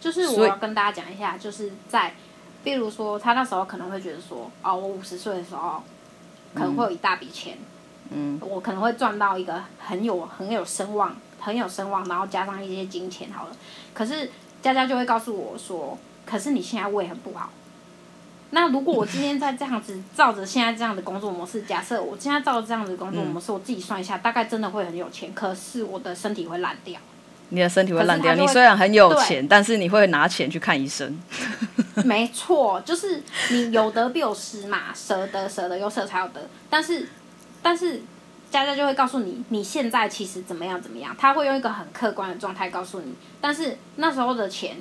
就是我要跟大家講一下，以就是在。比如說，他那時候可能會覺得說：“哦，我五十歲的時候，可能會有一大筆錢。”嗯，我可能會賺到一個很有、很有聲望、很有聲望，然後加上一些金錢好了。可是佳佳就會告訴我說：“可是你現在胃很不好。”那如果我今天再這樣子 照着現在這樣的工作模式，假設我現在照着這樣子工作模式，嗯、我自己算一下，大概真的會很有錢，可是我的身體會爛掉。你的身體會爛掉。你雖然很有錢，對但是你會拿錢去看醫生。 沒錯，就是你有得必有失嘛，捨得捨得有捨才有得。但是，但是佳佳就會告訴你，你現在其實怎麼樣怎麼樣。他會用一個很客觀的狀態告訴你。但是那時候的錢，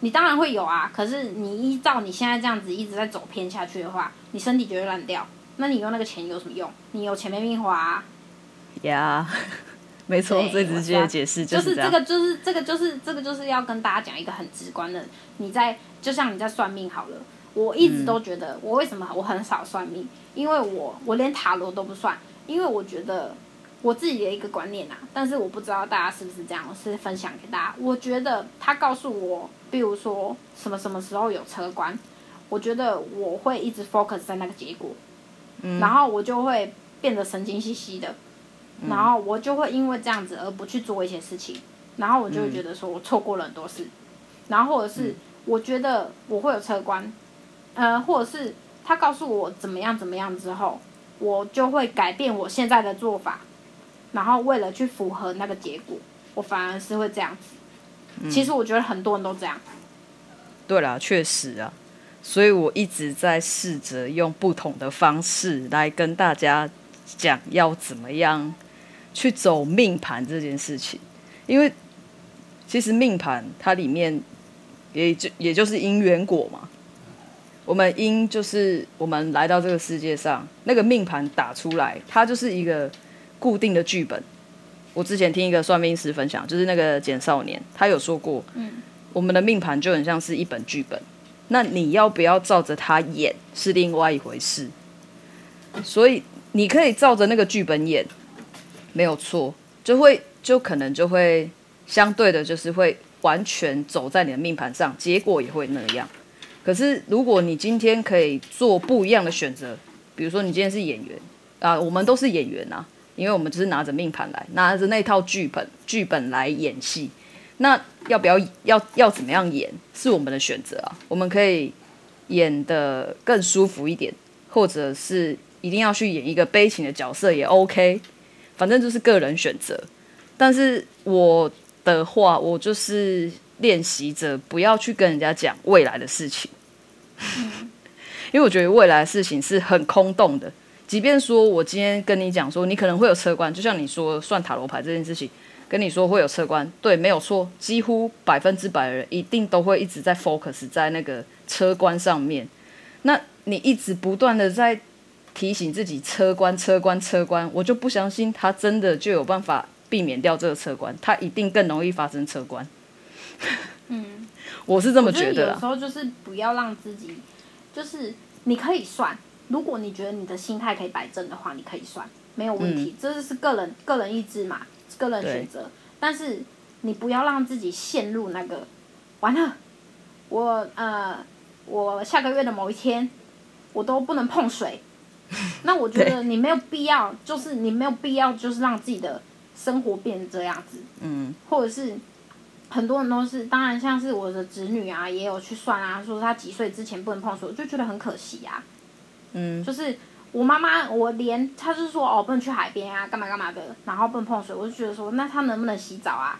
你當然會有啊。可是你依照你現在這樣子一直在走偏下去的話，你身體就會爛掉。那你用那個錢有什麼用？你有錢沒命花啊。呀。Yeah. 沒錯，對最直接的解釋就是這個，就是這個，就是這個、就是，這個、就是要跟大家講一個很直觀的。你在就像你在算命好了，我一直都覺得我為什麼我很少算命，嗯、因為我我連塔羅都不算，因為我覺得我自己的一個觀念啊，但是我不知道大家是不是這樣，是分享給大家。我覺得他告訴我，比如說什麼什麼時候有車關，我覺得我會一直 focus 在那個結果，嗯、然後我就會變得神經兮兮的。然後我就會因為這樣子而不去做一些事情，嗯、然後我就會覺得說我錯過了很多事，然後或者是我覺得我會有車關，嗯、呃，或者是他告訴我怎麼樣怎麼樣之後，我就會改變我現在的做法，然後為了去符合那個結果，我反而是會這樣子。其實我覺得很多人都這樣。嗯、對了，確實啊，所以我一直在試着用不同的方式來跟大家講要怎麼樣。去走命盤這件事情，因為其實命盤它裡面也、也就也就是因緣果嘛。我們因就是我們來到這個世界上，那個命盤打出來，它就是一個固定的劇本。我之前聽一個算命師分享，就是那個簡少年，他有說過，嗯，我們的命盤就很像是一本劇本。那你要不要照着它演是另外一回事。所以你可以照着那個劇本演。沒有錯，就會就可能就會相對的，就是會完全走在你的命盤上，結果也會那樣。可是如果你今天可以做不一樣的選擇，比如說你今天是演員啊，我們都是演員啊，因為我們就是拿着命盤來，拿着那套劇本劇本來演戲。那要不要要要怎麼樣演，是我們的選擇啊。我們可以演得更舒服一點，或者是一定要去演一個悲情的角色也 OK。反正就是個人選擇，但是我的話，我就是練習着不要去跟人家講未來的事情， 因為我覺得未來的事情是很空洞的。即便說我今天跟你講說，你可能會有車關，就像你說算塔羅牌這件事情，跟你說會有車關，對，沒有錯，幾乎百分之百的人一定都會一直在 focus 在那個車關上面。那你一直不斷的在。提醒自己車關車關車關，我就不相信他真的就有辦法避免掉這個車關，他一定更容易發生車關。嗯， 我是這麼覺得。我覺得有時候就是不要讓自己，就是你可以算，如果你覺得你的心態可以擺正的話，你可以算沒有問題，嗯，這是個人個人意志嘛，個人選擇。對但是你不要讓自己陷入那個，完了，我呃，我下個月的某一天我都不能碰水。 那我覺得你沒有必要，就是你沒有必要，就是讓自己的生活變成這樣子，嗯，或者是很多人都是，當然像是我的侄女啊，也有去算啊，說她幾歲之前不能碰水，我就覺得很可惜啊，嗯，就是我媽媽我連，她就說哦，不能去海邊啊，幹嘛幹嘛的，然後不能碰水，我就覺得說那她能不能洗澡啊？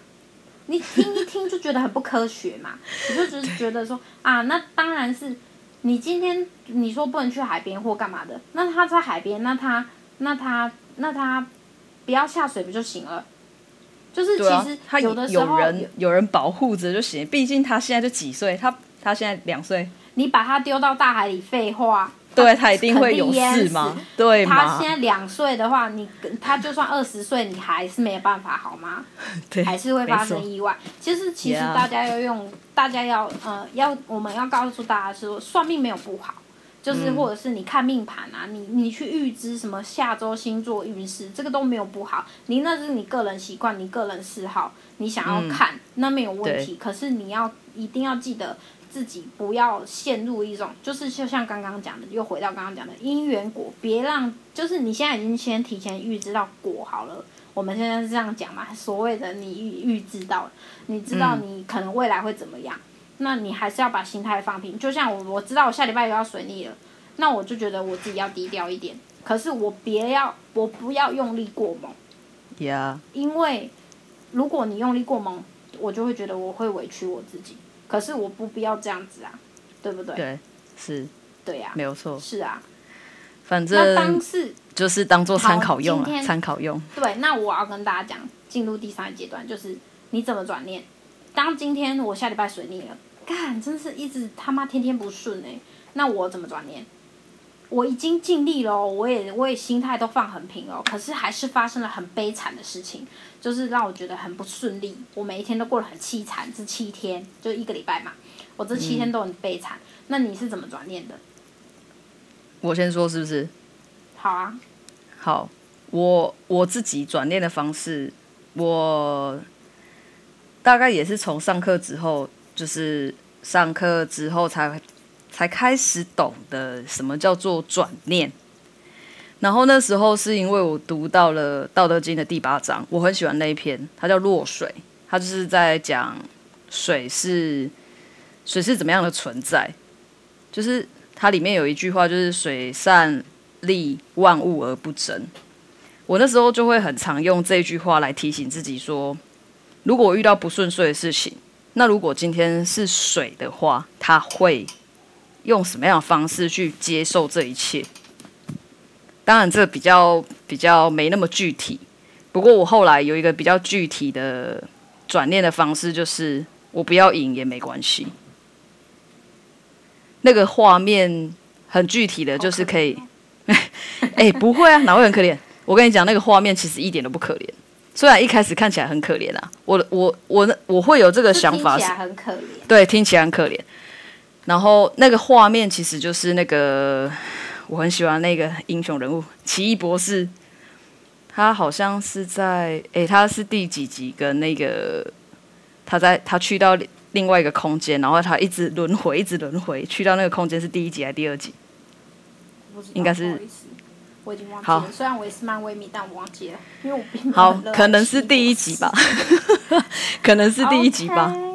你聽一聽就覺得很不科學嘛，我就只是覺得說啊，那當然是。你今天你說不能去海邊或幹嘛的，那他在海邊，那他那他那他，那他不要下水不就行了？就是其實有的時候、啊、有人有，有人保護着就行了，畢竟他現在就幾歲，他他現在兩歲，你把他丟到大海裡，廢話。對，他一定會有事嗎？對，他現在兩歲的話，你跟他就算二十歲，你還是沒有辦法好嗎？ 對，還是會發生意外。沒錯。其實，其實大家要用，大家要呃要，我們要告訴大家說，算命沒有不好，就是或者是你看命盤啊，你你去預知什麼下周星座運勢，這個都沒有不好。你那是你個人習慣，你個人嗜好，你想要看那沒有問題。嗯，可是你要一定要記得，自己不要陷入一種，就是就像剛剛講的，又回到剛剛講的因緣果，別讓就是你現在已經先提前預知到果好了。我們現在是這樣講嘛？所謂的你預預知到了，你知道你可能未來會怎麼樣，嗯，那你還是要把心態放平。就像我我知道我下禮拜又要水逆了，那我就覺得我自己要低調一點。可是我別要我不要用力過猛，呀，Yeah. 因為如果你用力過猛，我就會覺得我會委屈我自己。可是我不必要這樣子啊，對不對？對，是，對呀、啊，沒有錯，是啊，反正就是當做參,參考用，參考用。對，那我要跟大家講，進入第三個階段就是你怎麼轉念。當今天我下禮拜水逆了，幹，真是一直他媽天天不順呢、欸。那我怎麼轉念？我已經盡力了哦，我也我也心態都放很平了哦，可是還是發生了很悲慘的事情，就是讓我覺得很不順利。我每一天都過得很淒慘，這七天就一個禮拜嘛，我這七天都很悲慘。嗯。那你是怎麼轉念的？我先說是不是？好啊。好，我我自己轉念的方式，我大概也是從上課之後，就是上課之後才會。才開始懂得什麼叫做轉念，然後那時候是因為我讀到了《道德經》的第八章，我很喜歡那一篇，它叫“落水”，它就是在講水是水是怎麼樣的存在。就是它裡面有一句話，就是“水善利萬物而不爭”。我那時候就會很常用這句話來提醒自己說，如果我遇到不順遂的事情，那如果今天是水的話，它會。用什麼樣的方式去接受這一切？當然，這比較比較沒那麼具體。不過，我後來有一個比較具體的轉念的方式，就是我不要贏也沒關係。那個畫面很具體的就是可以。哎 Okay. 欸，不會啊，哪會很可憐？ 我跟你講，那個畫面其實一點都不可憐。雖然一開始看起來很可憐啊，我我我我會有這個想法，聽起來很可憐。對，聽起來很可憐。然後那個畫面其實就是那個我很喜歡那個英雄人物奇異博士，他好像是在哎他是第幾集跟那個他在他去到另外一個空間，然後他一直輪回，一直輪回去到那個空間是第一集還是第二集？應該是，我已經忘記了。好，雖然我也是漫威迷，但我忘記了，因為我並不很熱。好，可能是第一集吧，對 可能是第一集吧。Okay.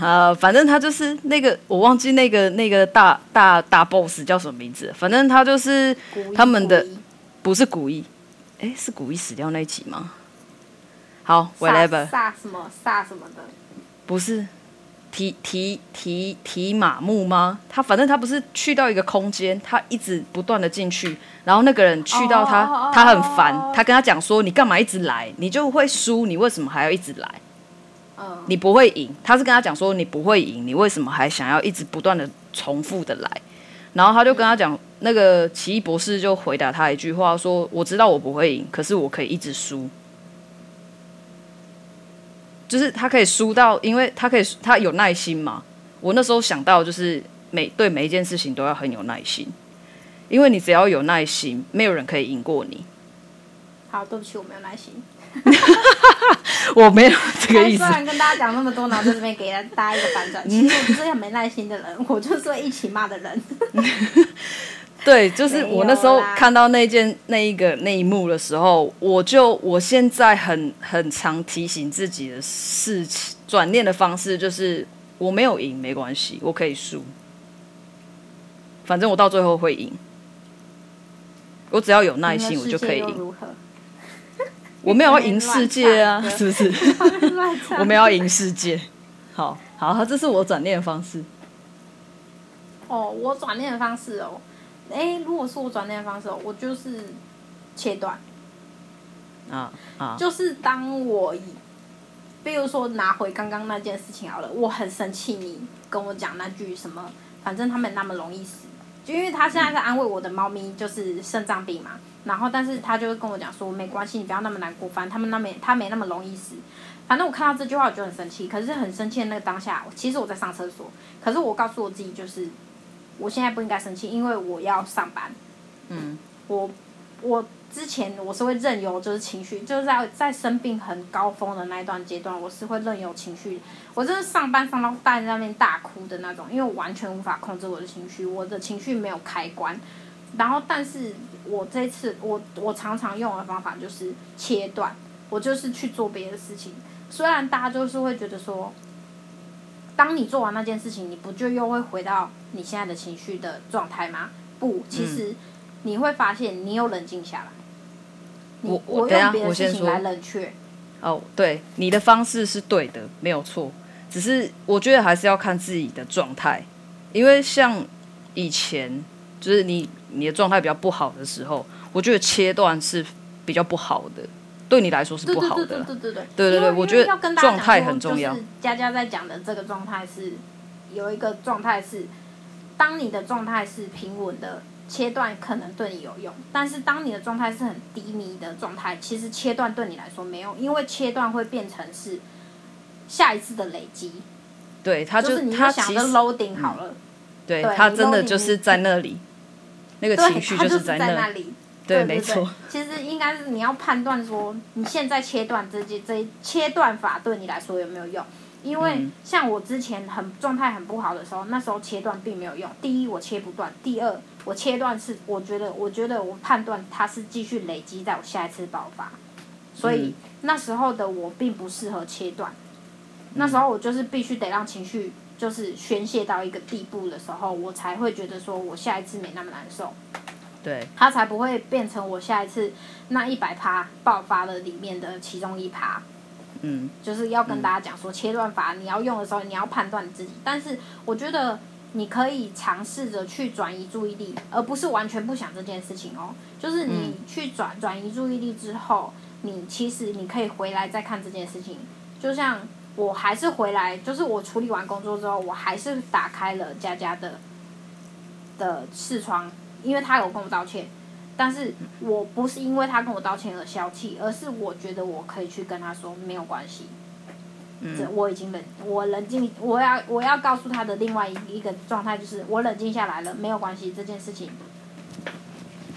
啊，uh, 反正他就是那個，我忘記那個那個大大大 boss 叫什麼名字。反正他就是他們的，不是古一，哎、欸，是古一死掉那一集嗎？好殺，whatever。啥什麼啥什麼的。不是，提提提提馬木嗎？他反正他不是去到一個空間，他一直不斷的進去，然後那個人去到他，oh, 他很煩，oh, oh, oh. 他跟他講說，你幹嘛一直來？你就會輸，你為什麼還要一直來？你不會贏，他是跟他講說你不會贏，你為什麼還想要一直不斷的重複的來？然後他就跟他講，那個奇異博士就回答他一句話說：“我知道我不會贏，可是我可以一直輸，就是他可以輸到，因為他可以，他有耐心嘛。”我那時候想到就是每對每一件事情都要很有耐心，因為你只要有耐心，沒有人可以贏過你。好，對不起，我沒有耐心。 我沒有這個意思。雖然跟大家講那麼多，腦子裡面給人搭一個反轉。 其實我是很沒耐心的人，我就是說一起罵的人。 對，就是我那時候看到那件、那一個、那一幕的時候，我就我現在很很常提醒自己的事情。轉念的方式就是，我沒有贏沒關係，我可以輸，反正我到最後會贏。我只要有耐心，我就可以贏。我沒有要贏世界啊，是不是？ 我沒有要贏世界。好好，這是我轉念的方式。哦，我轉念的方式哦，哎、欸，如果是我轉念的方式，我就是切斷、啊。啊就是當我以，比如說拿回剛剛那件事情好了，我很生氣，你跟我講那句什麼？反正他們那麼容易死，就因為他現在在安慰我的貓咪，就是腎臟病嘛。然後，但是他就會跟我講說，沒關係，你不要那麼難過，反正他們那邊他沒那麼容易死。反正我看到這句話，我就很生氣。可是很生氣的那個當下，其實我在上廁所。可是我告訴我自己，就是我現在不應該生氣，因為我要上班。嗯，我我之前我是會任由就是情緒，就是在在生病很高峰的那一段階段，我是會任由情緒。我就是上班上到站在那邊大哭的那種，因為我完全無法控制我的情緒，我的情緒沒有開關。然後，但是我這次我我常常用的方法就是切斷，我就是去做別的事情。雖然大家就是會覺得說，當你做完那件事情，你不就又會回到你現在的情緒的狀態嗎？不，其實你會發現你又冷靜下來。我我用別的事情來冷卻。我，等一下，我先說。哦，對，你的方式是對的，沒有錯。只是我覺得還是要看自己的狀態，因為像以前。就是你你的狀態比較不好的時候，我覺得切斷是比較不好的，對你來說是不好的。對對對對對，我覺得狀態很重要。佳佳在講的這個狀態是有一個狀態是，當你的狀態是平穩的，切斷可能對你有用；但是當你的狀態是很低迷的狀態，其實切斷對你來說沒用，因為切斷會變成是下一次的累積。對，他就，就，是你就想他想個 loading 好了。嗯，對，對他真的就是在那裡。嗯那個情緒對它就是在那裡，對，沒錯。其實應該是你要判斷說，你現在切斷這些這些切斷法對你來說有沒有用？因為像我之前很狀態很不好的時候，那時候切斷並沒有用。第一，我切不斷；第二，我切斷是我覺得，我覺得我判斷它是繼續累積在我下一次爆發，所以那時候的我並不適合切斷。那時候我就是必須得讓情緒。就是宣洩到一個地步的時候，我才會覺得說，我下一次沒那麼難受。對，它才不會變成我下一次那一百趴爆發了裡面的其中一趴。嗯，就是要跟大家講說，嗯、切斷法你要用的時候，你要判斷自己。但是我覺得你可以嘗試着去轉移注意力，而不是完全不想這件事情哦。就是你去轉、嗯、轉移注意力之後，你其實你可以回來再看這件事情，就像。我還是回來，就是我處理完工作之後，我還是打開了佳佳的的視窗，因為他有跟我道歉，但是我不是因為他跟我道歉而消氣，而是我覺得我可以去跟他說沒有關係，嗯，這我已經冷，我冷靜，我要我要告訴他的另外一一個狀態就是我冷靜下來了，沒有關係，這件事情，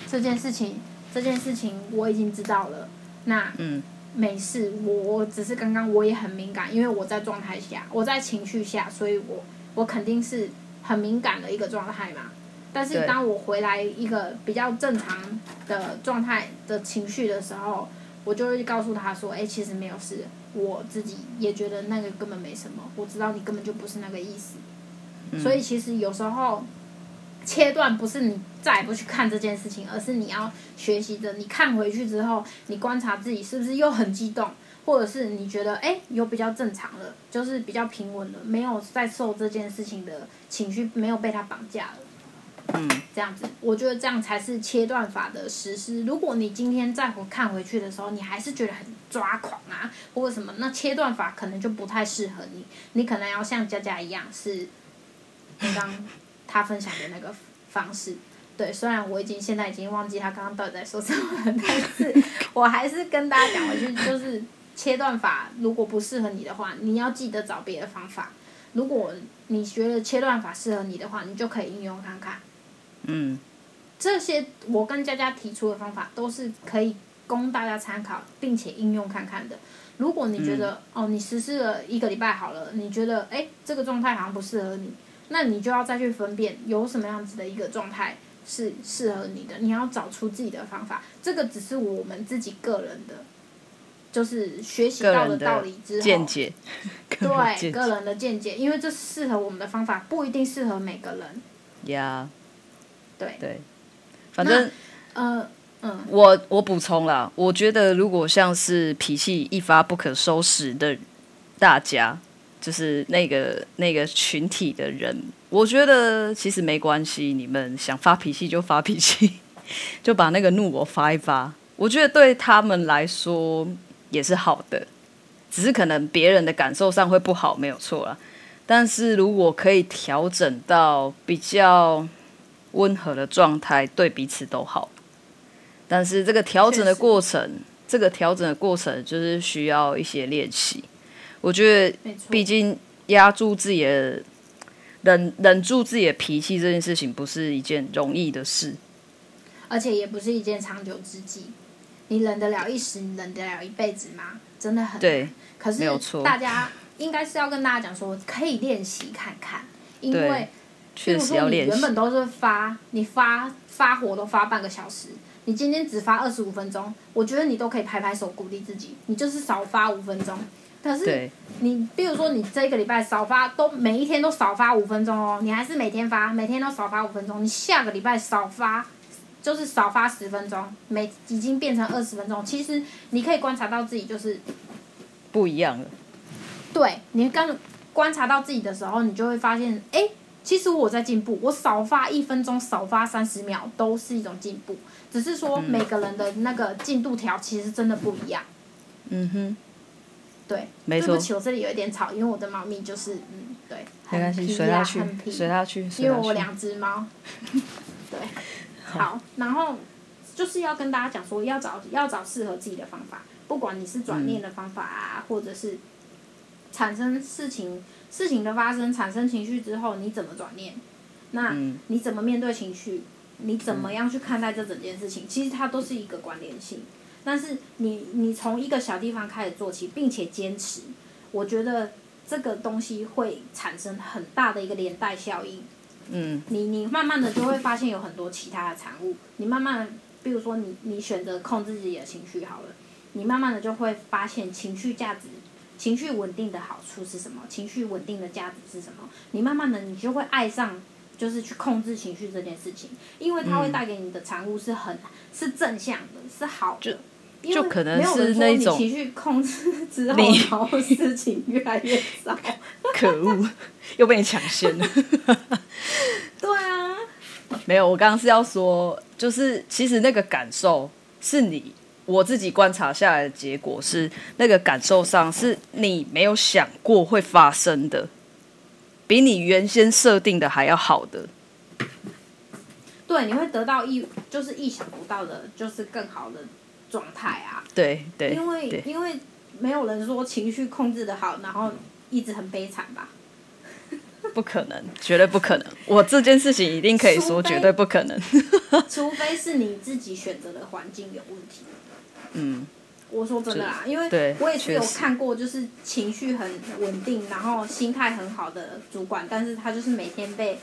這件事情，這件事情我已經知道了，那嗯。沒事，我只是剛剛我也很敏感，因為我在狀態下，我在情緒下，所以我我肯定是很敏感的一個狀態嘛。但是當我回來一個比較正常的狀態的情緒的時候，我就會告訴他說：“誒，其實沒有事，我自己也覺得那個根本沒什麼，我知道你根本就不是那個意思。”嗯，所以其實有時候。切斷不是你再也不去看這件事情，而是你要學習着你看回去之後，你觀察自己是不是又很激動，或者是你覺得哎有比較正常了，就是比較平穩了，沒有再受這件事情的情緒沒有被他綁架了。嗯，這樣子，我覺得這樣才是切斷法的實施。如果你今天再不看回去的時候，你還是覺得很抓狂啊，或者什麼，那切斷法可能就不太適合你，你可能要像佳佳一樣是，剛剛。他分享的那個方式，對，雖然我已經現在已經忘記他剛剛到底在說什麼，但是我還是跟大家講，我就就是切斷法，如果不適合你的話，你要記得找別的方法。如果你覺得切斷法適合你的話，你就可以應用看看。嗯，這些我跟佳佳提出的方法都是可以供大家參考，並且應用看看的。如果你覺得、嗯、哦，你實施了一個禮拜好了，你覺得哎、欸，這個狀態好像不適合你。那你就要再去分辨，有什麼樣子的一個狀態是適合你的？你要找出自己的方法。這個只是我們自己個人的，就是學習到的道理之後，個人的見解，個人見解，對，個人的見解，因為這適合我們的方法不一定適合每個人。呀 Yeah, 對，對對，反正、呃、嗯，我我補充了，我覺得如果像是脾氣一發不可收拾的大家。就是那個那個群體的人，我覺得其實沒關係。你們想發脾氣就發脾氣，就把那個怒火發一發，我覺得對他們來說也是好的。只是可能別人的感受上會不好，沒有錯啦。但是如果可以調整到比較溫和的狀態，對彼此都好。但是這個調整的過程，確實。這個調整的過程就是需要一些練習。我覺得，畢竟壓住自己的、忍忍住自己的脾氣這件事情，不是一件容易的事，而且也不是一件長久之計。你忍得了一時，你忍得了一輩子嗎？真的很對。可是，大家應該是要跟大家講說，可以練習看看，因為確實要練習。比如說你原本都是發，你發發火都發半個小時，你今天只發二十五分鐘，我覺得你都可以拍拍手鼓勵自己，你就是少發五分鐘。可是你，你對比如說，你這個禮拜少發，都每一天都少發五分鐘哦。你還是每天發，每天都少發五分鐘。你下個禮拜少發，就是少發十分鐘，每已經變成二十分鐘。其實你可以觀察到自己就是不一樣了。對，你剛觀察到自己的時候，你就會發現，哎，其實我在進步。我少發一分鐘，少發三十秒，都是一種進步。只是說每個人的那個進度條其實真的不一樣。嗯，嗯哼。對，沒錯錯。對不起，我這裡有一點吵，因為我的貓咪就是，嗯，對，很皮啊拉，隨他去，很皮，隨他去，因為我兩隻貓， 對，好，好，然後就是要跟大家講說，要找要找適合自己的方法，不管你是轉念的方法啊，嗯、或者是產生事情，事情的發生產生情緒之後，你怎麼轉念？那你怎麼面對情緒？你怎麼樣去看待這整件事情？嗯、其實它都是一個關聯性。但是你你從一個小地方開始做起，並且堅持，我覺得這個東西會產生很大的一個連帶效應。嗯你，你你慢慢的就會發現有很多其他的產物。你慢慢的，比如說你你選擇控制自己的情緒好了，你慢慢的就會發現情緒價值、情緒穩定的好處是什麼？情緒穩定的價值是什麼？你慢慢的你就會愛上就是去控制情緒這件事情，因為它會帶給你的產物是很、嗯、是正向的，是好的。就可能是那一種，情緒控制之後，你後事情越來越少， 可惡，又被你搶先了。 對啊，沒有，我剛剛是要說，就是其實那個感受是你我自己觀察下來的結果是，是那個感受上是你沒有想過會發生的，比你原先設定的還要好的。對，你會得到意，就是意想不到的，就是更好的。狀態啊，對對，對因為對因為沒有人說情緒控制得好，然後一直很悲慘吧？不可能，絕對不可能。我這件事情一定可以說絕對不可能。除非，除非是你自己選擇的環境有問題。嗯，我說真的啦，就因為我也是有看過，就是情緒很穩定，實然後心態很好的主管，但是他就是每天被。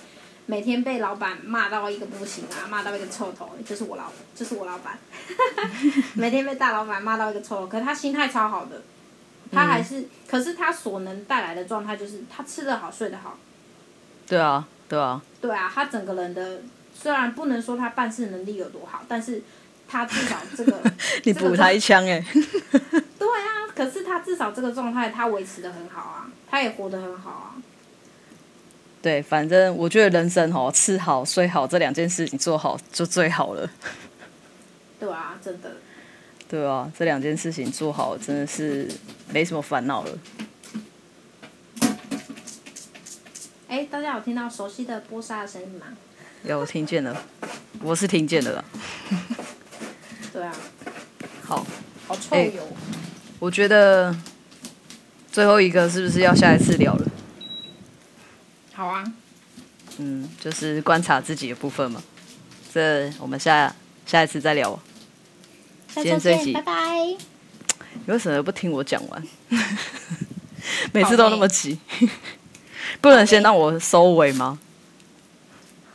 每天被老闆罵到一個不行啊，罵到一個臭頭，就是我老，就是我老闆， 每天被大老闆罵到一個臭頭，可他心態超好的，他還是，嗯、可是他所能帶來的狀態就是他吃得好，睡得好。對啊，對啊。對啊，他整個人的雖然不能說他辦事能力有多好，但是他至少這個、 這個、你補他一槍哎。 對啊，可是他至少這個狀態他維持得很好啊，他也活得很好啊。對，反正我覺得人生哦，吃好睡好這兩件事情做好就最好了。對啊，真的。對啊，這兩件事情做好，真的是沒什麼煩惱了。哎，大家有聽到熟悉的波沙的聲音嗎？ 有聽見了，我是聽見的啦。 對啊。好。好臭油。我覺得最後一個是不是要下一次聊了？嗯好啊，嗯，就是觀察自己的部分嘛。這我們下下一次再聊，哦。今天這一集，拜拜。你為什麼不聽我講完？ 每次都那麼急， 不能先讓我收尾嗎？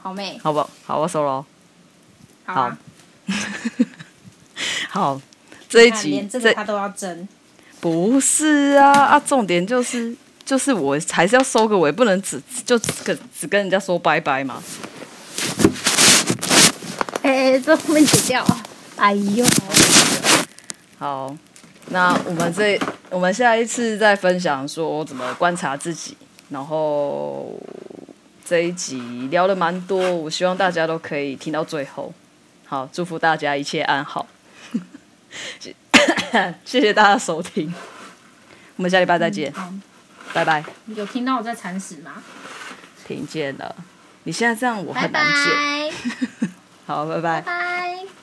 好美，好，美好不好，我收了。好。好，啊， 好，這一集，啊，這他都要爭。不是啊啊，重點就是。就是我還是要收個尾，不能只就跟只跟人家說拜拜嘛。哎哎、欸，這問題剪掉了。哎呦，好。那我們這我們下一次再分享說我怎麼觀察自己。然後這一集聊了蠻多，我希望大家都可以聽到最後。好，祝福大家一切安好。 謝謝大家收聽，我們下禮拜再見。嗯拜拜！Bye bye 你有聽到我在鏟屎嗎？聽見了。你現在這樣我很難剪。Bye bye 好，拜。拜拜。